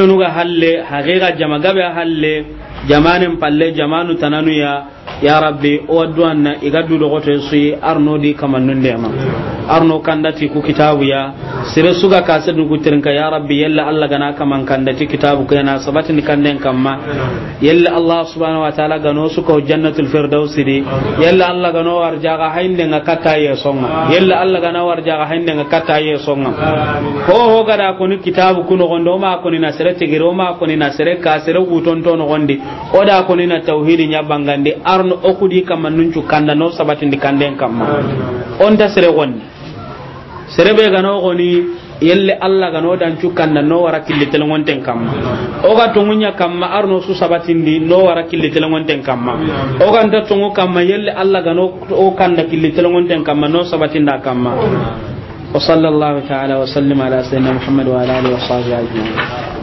[SPEAKER 1] nu ga halle haqiqa jama gabe halle jamanin palle jamanu tananu ya ya rabbi o duwanna igaddu du do goto su arno di kamannun de ma arno kandati ku kitabu ya sire suga ka sadu ku tirinka ya rabbi yalla allah gana kaman kandati kitabu ka yana sabatin kanden kamma yalla allah subhanahu wa ta'ala gano su ko jannatul firdaus di yalla allah gano warja ga hainde nga katta ye songa yalla allah gana warja ga hainde nga katta ye songa ho ho gada ko ni kitabu kuno gondo ma ko ni na tigiro ma ko ni ka sire gondi oda ko ni na tauhidi nya bangande arno okudi kamma nuncu kanda no sabati di kanden on onda sere gonni sere be gano ni yelle alla gano dan kanda no wara killitel ngonten kamma oga tungunya kama, arno su sabati di no wara killitel kama. kamma oga nda tungu kamma yelle alla gano o kanda killitel ngonten kama, no sabatin da ta'ala wa الله ala sayyidina muhammad wa ala alihi wa sahbihi ajma'in